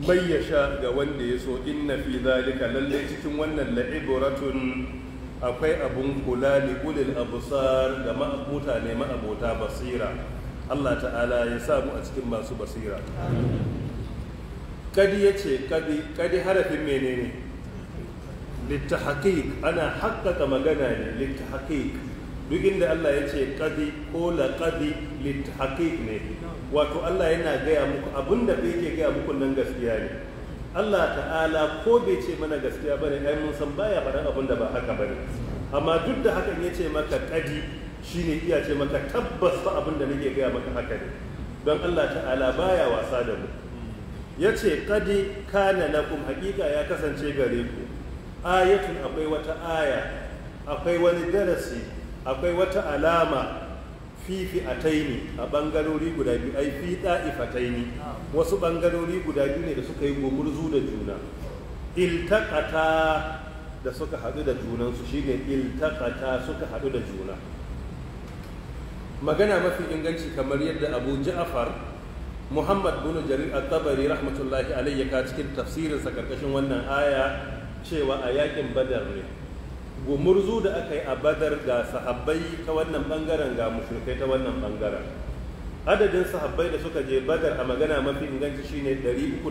ya sha ga wanda ya so inna fi zalika lalle cikin wannan la'iburatun akwai abun kula li ulil absar ga ma'abuta ne ma'abota basira Allah ta'ala ya samu a cikin masu basira kadi yace kadi kadi harafin menene littahqiq ana haqqaqa magana ne littahqiq duk inda Allah ya ce qadi ko la lit litahqiq ne wato Allah yana gaya muku abinda bai ke gaya muku nan gaskiya ne Allah ta'ala ko bai ce mana gaskiya bane ai mun san baya faɗan abin da ba haka bane amma duk da hakan ya ce maka shi shine iya ce maka tabbas fa abin da nake gaya maka haka ne don Allah ta'ala baya wasa da mu ya ce kadi kana na lakum hakika ya kasance gare ku ayatun akwai wata aya akwai wani darasi akwai wata alama fifi a taini a bangarori guda biyu ai fi da'ifa taini wasu bangarori guda biyu ne da suka yi gumurzu da juna iltakata da suka haɗu da junansu shine iltakata suka haɗu da juna magana mafi inganci kamar yadda abu ja'afar muhammad bin jarir al tabari rahmatullahi alayyaka ka cikin tafsirinsa karkashin wannan aya cewa a yakin badar ne gumurzu da aka yi a badar ga sahabbai ta wannan bangaren ga mushrikai ta wannan bangaren adadin sahabbai da suka je badar a magana mafi inganci shine 310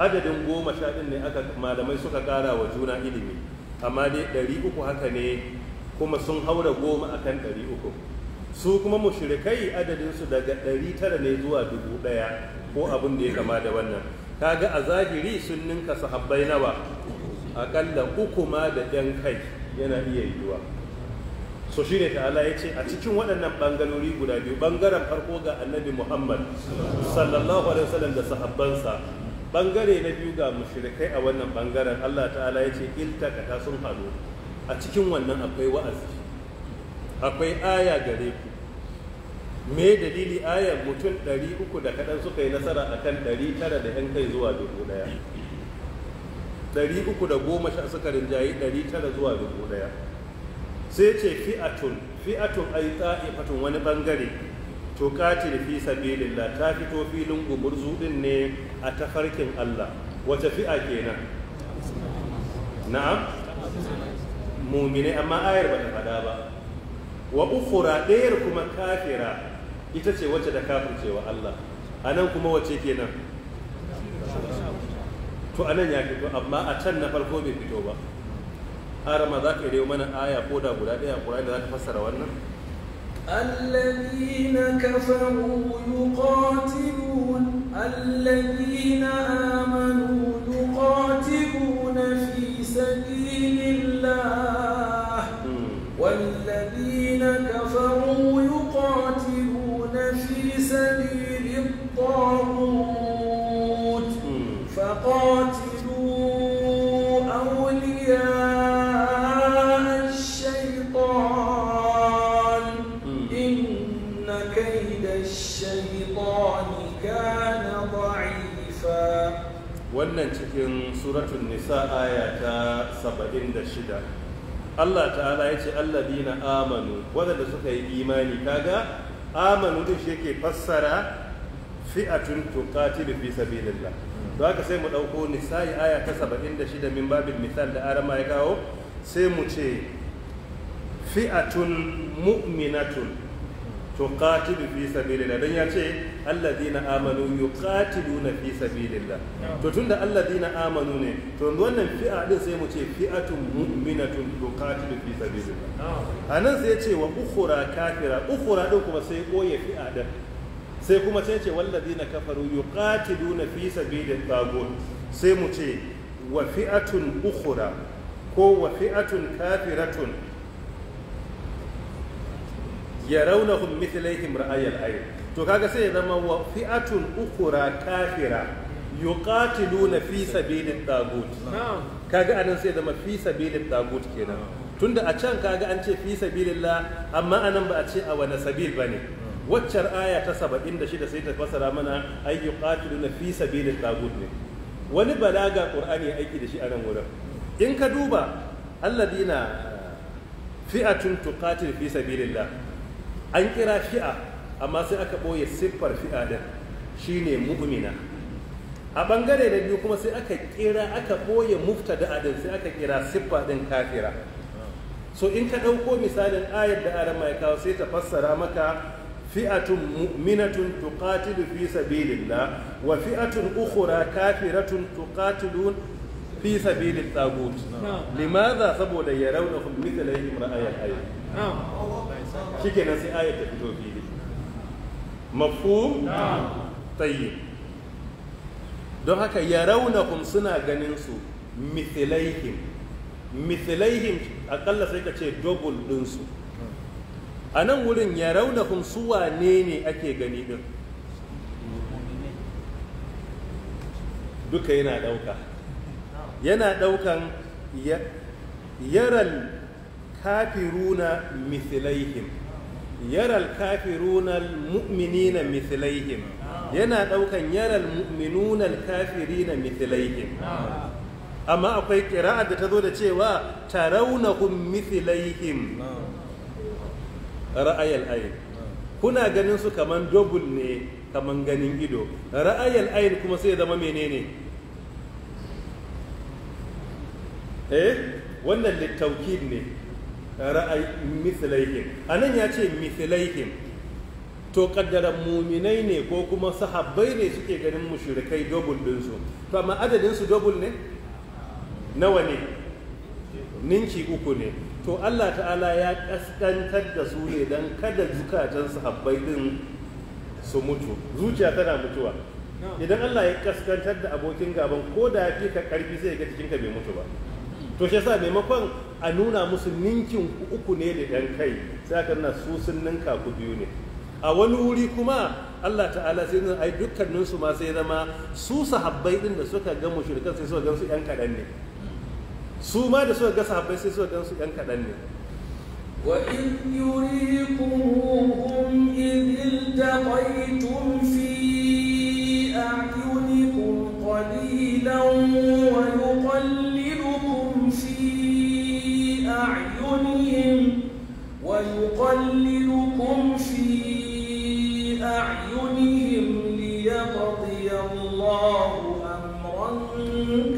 adadin goma sha din ne aka malamai suka kara wa juna ilimi amma dai 300 haka ne kuma sun haura goma akan 300 su kuma mushrikai adadin su daga 900 ne zuwa 1000 ko abin da ya kama da wannan kaga a zahiri sun ninka sahabbai nawa Akalla uku ma da ɗan kai yana iya yiwuwa so shi ne ta'ala ya ce a cikin waɗannan ɓangarori guda biyu ɓangaren farko ga annabi muhammad sallallahu alaihi wasallam da sahabbansa ɓangare na biyu ga mushrikai a wannan ɓangaren allah ta'ala ya ce iltakata sun haɗu a cikin wannan akwai wa'azi akwai aya gare ku me dalili ayar mutum ɗari uku da kaɗan suka yi nasara akan ɗari tara da 'yan kai zuwa dubu ɗaya uku da 310 suka rinjayi 900 zuwa dubu ɗaya. sai ce fi'atun fi'atun ai fatun wani bangare to katil fi ta fito filin gubur din ne a tafarkin Allah wace fi'a kenan na'am mumine amma ayar ba ta fada ba wa ufura ɗayar kuma kafira ita ce wacce da kafircewa Allah A nan kuma wace kenan to anan ya fito amma a can na farko bai fito ba arama za ka yi mana aya ko da guda ɗaya ƙura da za ta fassara wannan الذين كفروا يقاتلون الذين آمنوا يقاتلون في سبيل wannan cikin suratun nisa aya ta 76 Allah ta'ala ya ce Allah dina amanu waɗanda suka yi imani kaga amanu din shi yake fassara fi'atun tuqatilu fi sabilillah to haka sai mu ɗauko nisa'i aya ta 76 min babin misal da arama ya kawo sai mu ce fi'atun mu'minatun tuqatilu fi sabilillah dan ya ce alladhina amanu yuqatiluna fi sabilillah to tunda alladhina amanu ne to wannan fi'a din sai mu ce fi'atun mu'minatun tuqatilu fi sabilillah anan sai ya ce wa ukhra kafira ukhra din kuma sai koye fi'a din sai kuma sai ce walladhina kafaru yuqatiluna fi sabilillah tagut sai mu ce wa fi'atun ukhra ko wa fi'atun kafiratun yarawnahum mithlaihim ra'ayal ayn to kaga sai ya zama wa fi'atun ukura kafira yuqatiluna fi sabilit tagut kaga anan sai zama fi sabilit tagut kenan tunda a can kaga an ce fi sabilillah amma anan ba a ce a wane sabil ne. waccar aya ta 76 sai ta fasara mana ay yuqatiluna fi sabilit tagut ne wani balaga qur'ani aiki da shi a nan wurin in ka duba Allah alladina fi'atun tuqatil fi sabilillah an kira fi'a amma sai aka ɓoye siffar fi'adin shine mu'mina a ɓangare da biyu kuma sai aka kira aka ɓoye muftada adin sai aka kira siffa ɗin kafira so in ka ɗauko misalin ayar da aran mai kawo sai ta fassara maka fi'atun mu'minatun tuqatilu fi sabilillah wa fi'atun ukhra kafiratun tuqatilun fi sabilin tagut limaza saboda ya raunahum mithlaihim ra'ayat ayat shikenan sai ayat ta fito biyu mafhum tayyib don haka yarawnahum suna ganin su mithlaihim mithlaihim akalla sai ka ce double din a nan wurin yarawnahum su wane ne ake gani din duka yana dauka yana daukan yaran kafiruna mithlaihim yaral kafiruna mu'minina mithlaihim yana daukan yaral mu'minuna kafirina mithlaihim amma akwai kira da tazo da cewa kun mithlaihim ra'ayal ayin, kuna ganin su kaman double ne kaman ganin ido ra'ayal ayin kuma sai zama menene eh wannan littaukid ne ra'ay mithlaihim anan ya ce mithlaihim to kaddara muminai ne ko kuma sahabbai ne suke ganin mushrikai double su to amma adadin su double ne nawa ne ninki uku ne to Allah ta'ala ya kaskantar da su ne dan kada zukatan sahabbai din su mutu zuciya tana mutuwa idan Allah ya kaskantar da abokin gaban ko da ya fi ka karfi sai ga jikinka bai mutu ba to shi yasa maimakon a nuna musu ninkin ku uku ne da ɗan kai sai aka nuna su sun ninka ku biyu ne a wani wuri kuma Allah ta'ala sai nuna ai dukkaninsu ma sai zama su sahabbai din da suka ga mushrikan sai suka gansu ɗan kaɗan ne su ma da suka ga sahabbai sai suka gansu ɗan kaɗan ne وإذ يريكموهم إذ التقيتم في أعينكم قليلا ويقلل ويقللكم في أعينهم ليقضي الله أمرا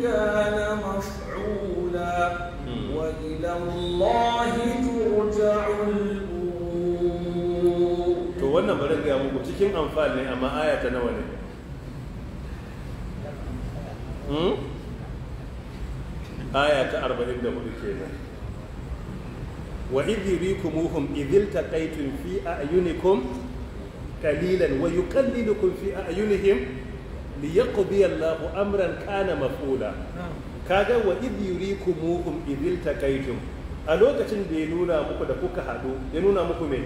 كان مفعولا وإلى الله ترجع الأمور to wannan bari ga muku cikin amfani ne amma aya ta nawa ne aya ta 44 kenan wa idh yurikumuhum idh iltaqaytum fi a'yunikum qalilan wa yuqallilukum fi a'yunihim liyaqdi Allahu amran kana mafula kaga wa idh yurikumuhum idh iltaqaytum a lokacin da ya nuna muku da kuka hadu ya nuna muku me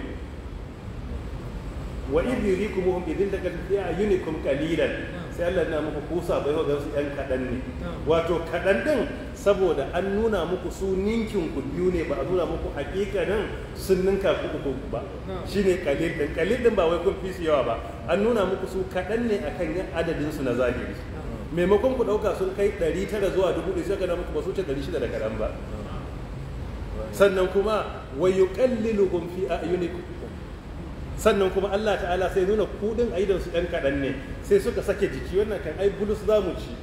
wa sai Allah na muku kusa bai wa su yan kaɗan ne wato kaɗan ɗin saboda an nuna muku su ninkin ku biyu ne ba a nuna muku hakikanin sun ninka ku uku ba shine kalil din kalil din ba wai kun fi su yawa ba an nuna muku su kaɗan ne a kan yin adadin su na zahiri maimakon ku ɗauka sun kai 900 zuwa 1000 sai ka muku ba su ce 600 da kaɗan ba sannan kuma wa yuqalliluhum fi ayunikum sannan kuma Allah ta'ala sai nuna kudin idan su ɗan kaɗan ne sai suka sake jiki wannan kan ai bulus za mu ci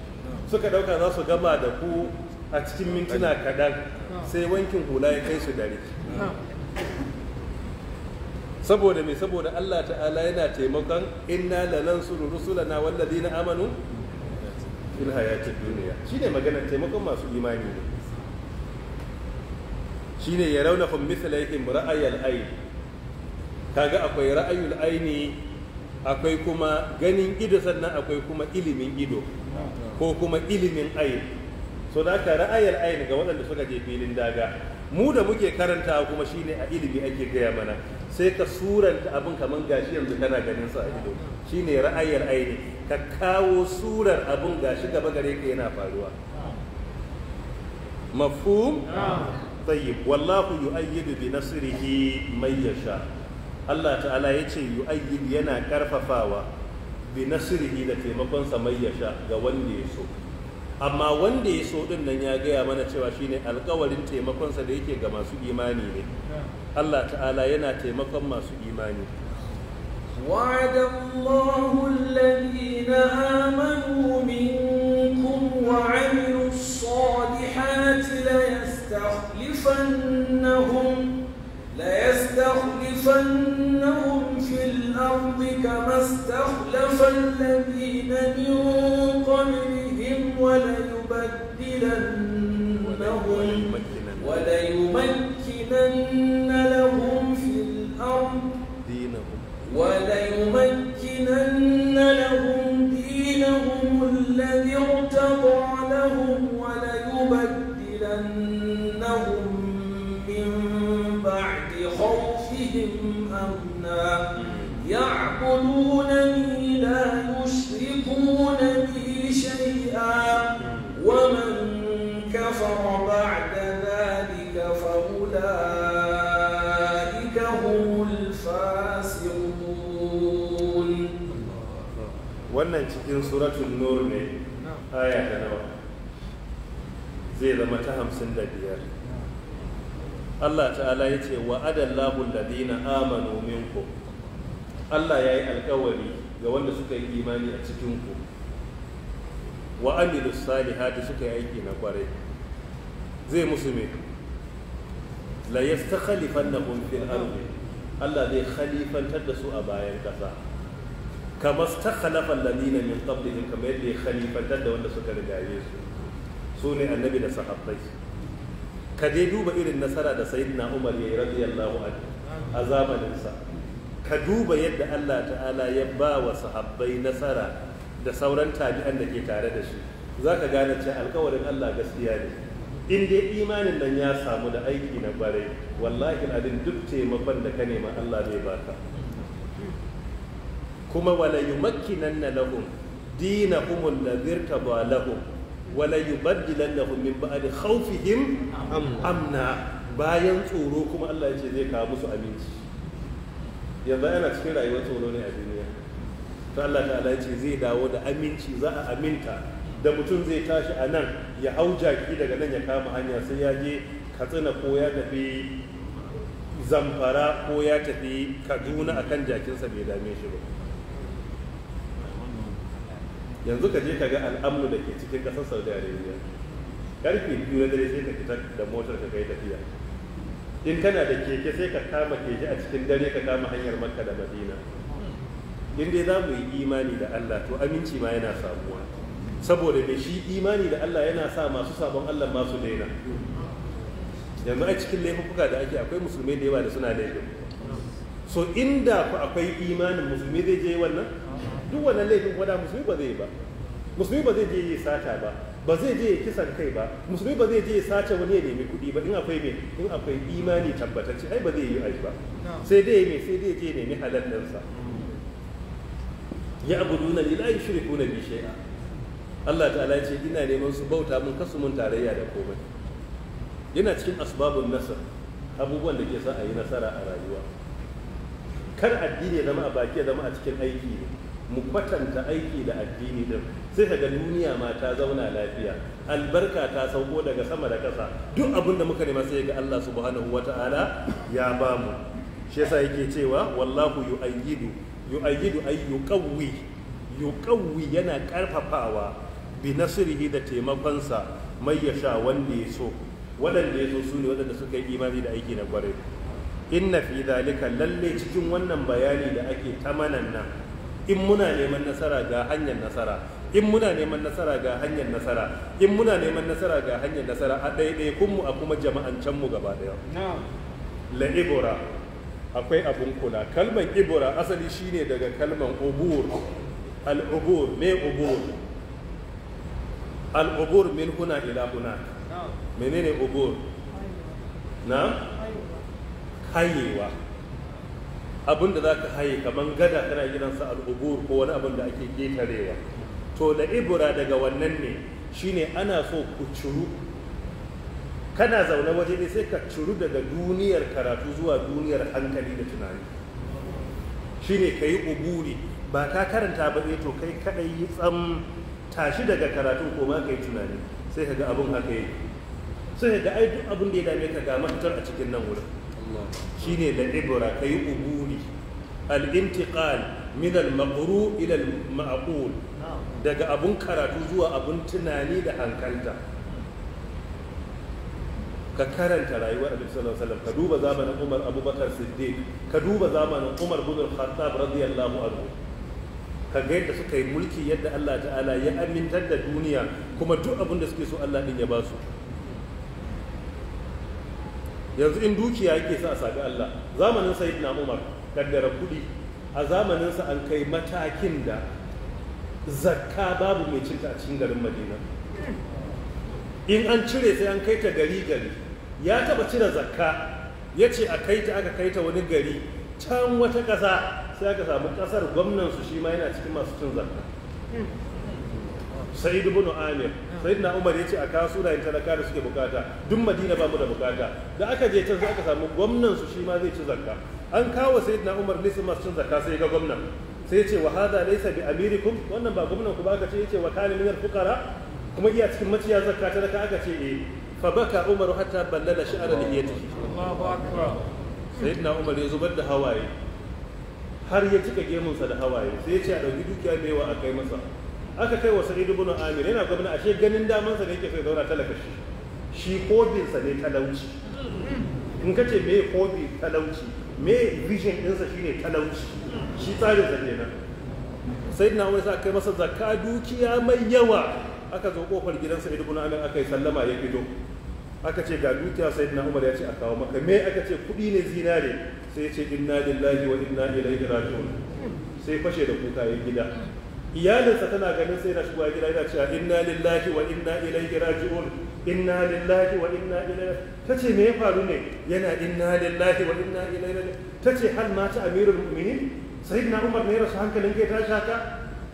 suka ɗauka za su gama da ku a cikin mintuna kaɗan sai wankin hula ya kai su dare saboda mai saboda Allah ta'ala yana taimakon inna na rusulana walladina amanu fil hayatid duniya shine maganar taimakon masu imani ne shine yarawnahum mithla yakim ra'ayal ayn kaga akwai ra'ayul aini akwai kuma ganin ido sannan akwai kuma ilimin ido ko kuma ilimin ayin so da ka ra'ayar ayin ga waɗanda suka je filin daga mu da muke karanta kuma shine a ilimi ake gaya mana sai ka suranta abin kamar gashi yanzu kana ganin sa a ido shine ra'ayar aini ka kawo surar abin gashi gaba gare ka yana faruwa mafhum tayyib wallahu yu'ayyidu bi nasrihi man yasha Allah ta'ala ya ce yu'ayyid yana karfafawa bi nasrihi da taimakonsa mai yasha ga wanda ya so amma wanda ya so din nan ya gaya mana cewa shine alkawarin taimakonsa da yake ga masu imani ne Allah ta'ala yana taimakon masu imani وعد الله الذين آمنوا منكم وعملوا الصالحات ليستخلفنهم ليستخلفنهم في الأرض كما استخلف الذين من قبلهم وليبدلن suratun nur ne aya da nawa zai zama ta hamsin da biyar Allah ta'ala ya ce wa adallahu ladina amanu minkum Allah ya yi alkawari ga wanda suka yi imani a cikinku wa amilu salihati suka yi aiki na kwarai zai musu me la yastakhlifannahum fil ardi Allah zai khalifantar da su a bayan kasa kama stakhlafa alladhina min qablihim kama yadda ya khalifatar da wanda suka rigaye su su ne annabi da sahabbai ka dai duba irin nasara da sayyidina Umar yi radiyallahu anhu a zamanin sa ka duba yadda Allah ta'ala ya ba wa sahabbai nasara da sauran tabi'an da ke tare da shi zaka gane cewa alkawarin Allah gaskiya ne in dai imanin nan ya samu da aiki na bare wallahi abin duk taimakon da ka nema Allah zai baka kuma wala yumakkinanna lahum dinahum alladhi ba lahum wala yubaddilannahum min ba'di haufihim amna bayan tsoro kuma Allah ya ce zai kawo musu aminci. yanzu yana cikin rayuwar tsoro ne a duniya Ta Allah ta'ala ya ce zai dawo da aminci za a aminta da mutum zai tashi a nan ya hau jaki daga nan ya kama hanya sai ya je katsina ko ya tafi zamfara ko ya tafi kaduna akan jakinsa bai dame shi ba yanzu ka je ka ga al'amnu da ke cikin ƙasar saudi arabia karfe biyu na dare sai ka fita da motar ka kai tafiya in kana da keke sai ka kama keke a cikin dare ka kama hanyar makka da madina in dai za mu yi imani da allah to aminci ma yana samuwa saboda da shi imani da allah yana sa masu sabon allah masu daina yanzu a cikin laifuka da ake akwai musulmai da yawa da suna laifin so inda ku akwai imanin musulmi zai je wannan duk wannan laifin kuma da musulmi ba zai ba musulmi ba zai je yi sata ba ba zai je kisan kai ba musulmi ba zai je ya sace wani ya nemi kuɗi ba in akwai me in akwai imani tabbatacce ai ba zai yi ai ba sai dai me sai dai je nemi halal ɗinsa ya abuduna shiri yushrikuna bi shay'a Allah ta'ala ya ce ina neman su bauta mun kasu mun tarayya da komai yana cikin asbabun nasar abubuwan da ke sa a yi nasara a rayuwa kar addini ya zama a baki ya zama a cikin aiki ne mu kwatanta aiki da addini din sai ka ga duniya ma ta zauna lafiya albarka ta sauko daga sama da ƙasa duk abin da muka nema sai ga Allah subhanahu wata'ala ya ba mu shi yasa yake cewa wallahu yu'ayyidu yu'ayyidu ay yuqawwi yuqawwi yana karfafawa bi nasrihi da taimakon sa mai yasha wanda ya so waɗanda ya so su ne waɗanda suka yi imani da aiki na kwarai inna fi dalika lalle cikin wannan bayani da ake ta manan nan in muna neman nasara ga hanyar nasara in muna neman nasara ga hanyar nasara in muna neman nasara ga hanyar nasara a ɗaiɗaikunmu a kuma mu gaba ɗaya la ibora akwai abun kula kalmar ibora asali shine daga kalmar ubur al'ubur me ubur al-ubur min huna ila huna menene ubur na hayewa abin da za ka haye kamar gada tana gidansa al'ubur ko wani abin da ake ketarewa to da ibura daga wannan ne shine ana so ku ciru kana zaune waje ne sai ka ciru daga duniyar karatu zuwa duniyar hankali da tunani shine ka yi uburi ba ka karanta ba ne eh to kai kadai yi tsam tashi daga karatu ko ma ka yi tunani sai ka ga abin haka yi sai ka ga ai duk abin da ya dame ka ga a cikin nan wurin shine da ibra kai ubuni al-intiqal min al-maqru ila al-ma'qul daga abun karatu zuwa abun tunani da hankalta ka karanta rayuwar Annabi sallallahu alaihi ka duba zamanin Umar Abubakar Siddiq ka duba zamanin Umar bin Khattab radiyallahu anhu ka ga yadda suka yi mulki yadda Allah ta'ala ya amintar da duniya kuma duk abin da suke so Allah din ya ba su yanzu in dukiya yake sa a sabi Allah zamanin sa na umar kaddara kuɗi a zamanin zamaninsa an kai matakin da zakka babu mai cinta a cikin garin madina in an cire sai an kai ta gari gari ya taba cire zakka ya ce a kai ta aka kai ta wani gari can wata ƙasa sai aka samu ƙasar gwamnansu shi ma yana cikin masu cin zakka sai ibn amir sayyidina umar ya ce a kawo sunayen talaka da suke bukata duk madina ba mu da bukata da aka je can aka samu gwamnan su shi ma zai ci zakka an kawo sayyidina umar lisan masu cin zakka sai ga gwamnan sai ce wa hada laysa bi amirikum wannan ba gwamnan ku ba aka ce yace wa kana min fukara, kuma iya cikin maciya zakka talaka aka ce eh fa baka umar hatta ballala sha'ara lihiyatihi Allahu akbar sayyidina umar ya zubar da hawaye har ya cika gemunsa da hawaye sai ya ce a ɗauki dukiya da yawa a kai masa aka kai wa sa'id ibn amir yana gwamna ashe ganin daman sa ne yake sai ya zauna talaka shi shi hobin sa ne talauci in kace me kobi talauci me vision din sa shine talauci shi tsarin sa kenan sayyidina umar sa kai masa zakka dukiya mai yawa aka zo kofar gidan dubu ibn amir aka yi sallama ya fito aka ce ga dukiya sayyidina umar ya ce a kawo maka me aka ce kudi ne zinare sai ya ce inna lillahi wa inna ilaihi raji'un sai fashe da kuka ya gida iyalinsa tana ganin sai na shigowa gida yana cewa inna lillahi wa inna ilaihi raji'un inna lillahi wa inna ilaihi tace me ya faru ne yana inna lillahi wa inna ilaihi tace hal ma ta amirul mu'minin sayyidina umar ne rasu hankalin kai ta shaka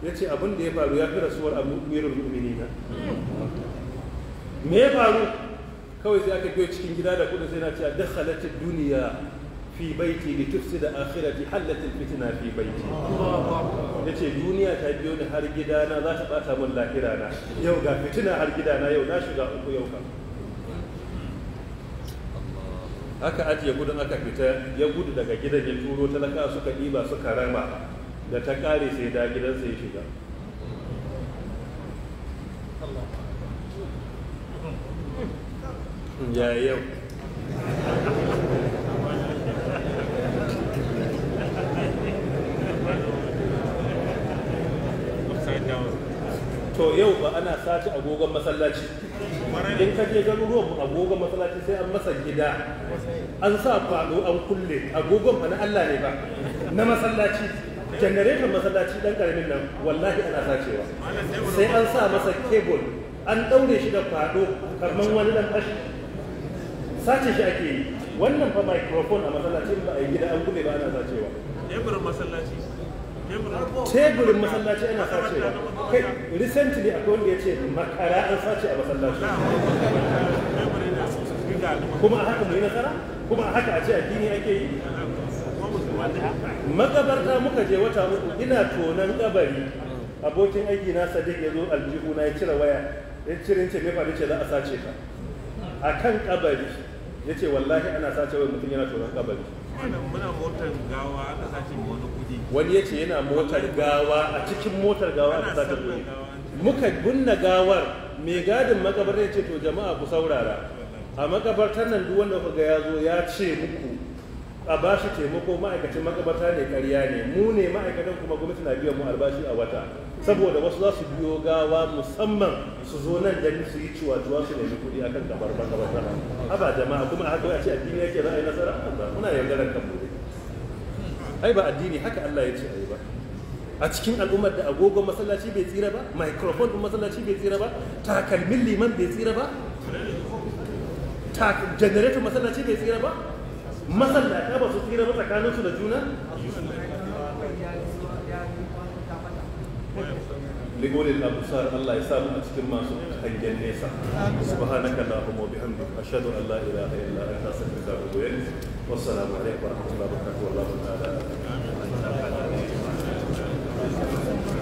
yace abin da ya faru ya fi rasuwar amirul mu'minin me ya faru kawai sai aka biyo cikin gida da kudin sai na cewa dakhalat ad-dunya fi baiti li da akhirati hallatil fitina fi baiti yace duniya ta biyo ni har gidana za ta bata min lahira na yau ga fitina har gidana yau na shiga uku yau ka aka ajiye gudun aka fita ya gudu daga gidan ya turo talaka suka ɗiba suka rama da ta kare sai da gidansa ya shiga ya to yau ba ana sace agogon masallaci in ka je garuruwan agogon masallaci sai an masa gida an sa faɗo an kulle agogon ba na Allah ne ba na masallaci janareton masallaci dan karamin nan wallahi ana sacewa sai an sa masa kebul an daure shi da faɗo kamar wani dan fashi sace shi ake yi wannan fa microphone a masallaci ba a yi gida an kulle ba ana sacewa masallaci teburin masallaci ana sace kai recently akwai wanda ya ce makara an sace a masallaci kuma a haka mai nasara kuma a haka a ce addini ake yi makabarta muka je wata uku ina tonan gabari abokin aiki na sadiq ya zo aljihu na ya cire waya ya cire ce mai faru ce za a sace ka a kan kabari ya ce wallahi ana sace wai mutum yana tonan kabari wani yace yana motar gawa a cikin motar gawa aka sace kuɗi muka gunna gawar mai gadin makabar ya ce to jama'a ku saurara a makabartar nan duk wanda kuka ya zo ya ce muku a ba shi taimako ma'aikacin makabarta ne karya ne mu ne ma'aikatan kuma gwamnati na biyan mu albashi a wata saboda wasu za su biyo gawa musamman su zo nan da su yi ciwa-ciwa su nemi kuɗi akan kamar makabarta haba jama'a kuma a haka a addini yake za a yi nasara muna yangaran kan mu ai ba addini haka Allah ya ce ai ba a cikin al'ummar da agogon masallaci bai tsira ba microphone din masallaci bai tsira ba takalmin liman bai tsira ba generator masallaci bai tsira ba masallata ba su tsira ba tsakaninsu da juna لقول الأبصار الله يسامح أشكر سبحانه سبحان النساء سبحانك اللهم وبحمدك أشهد أن لا إله إلا أنت سبحانك وأتوب إليك والسلام عليكم ورحمة الله وبركاته والله تعالى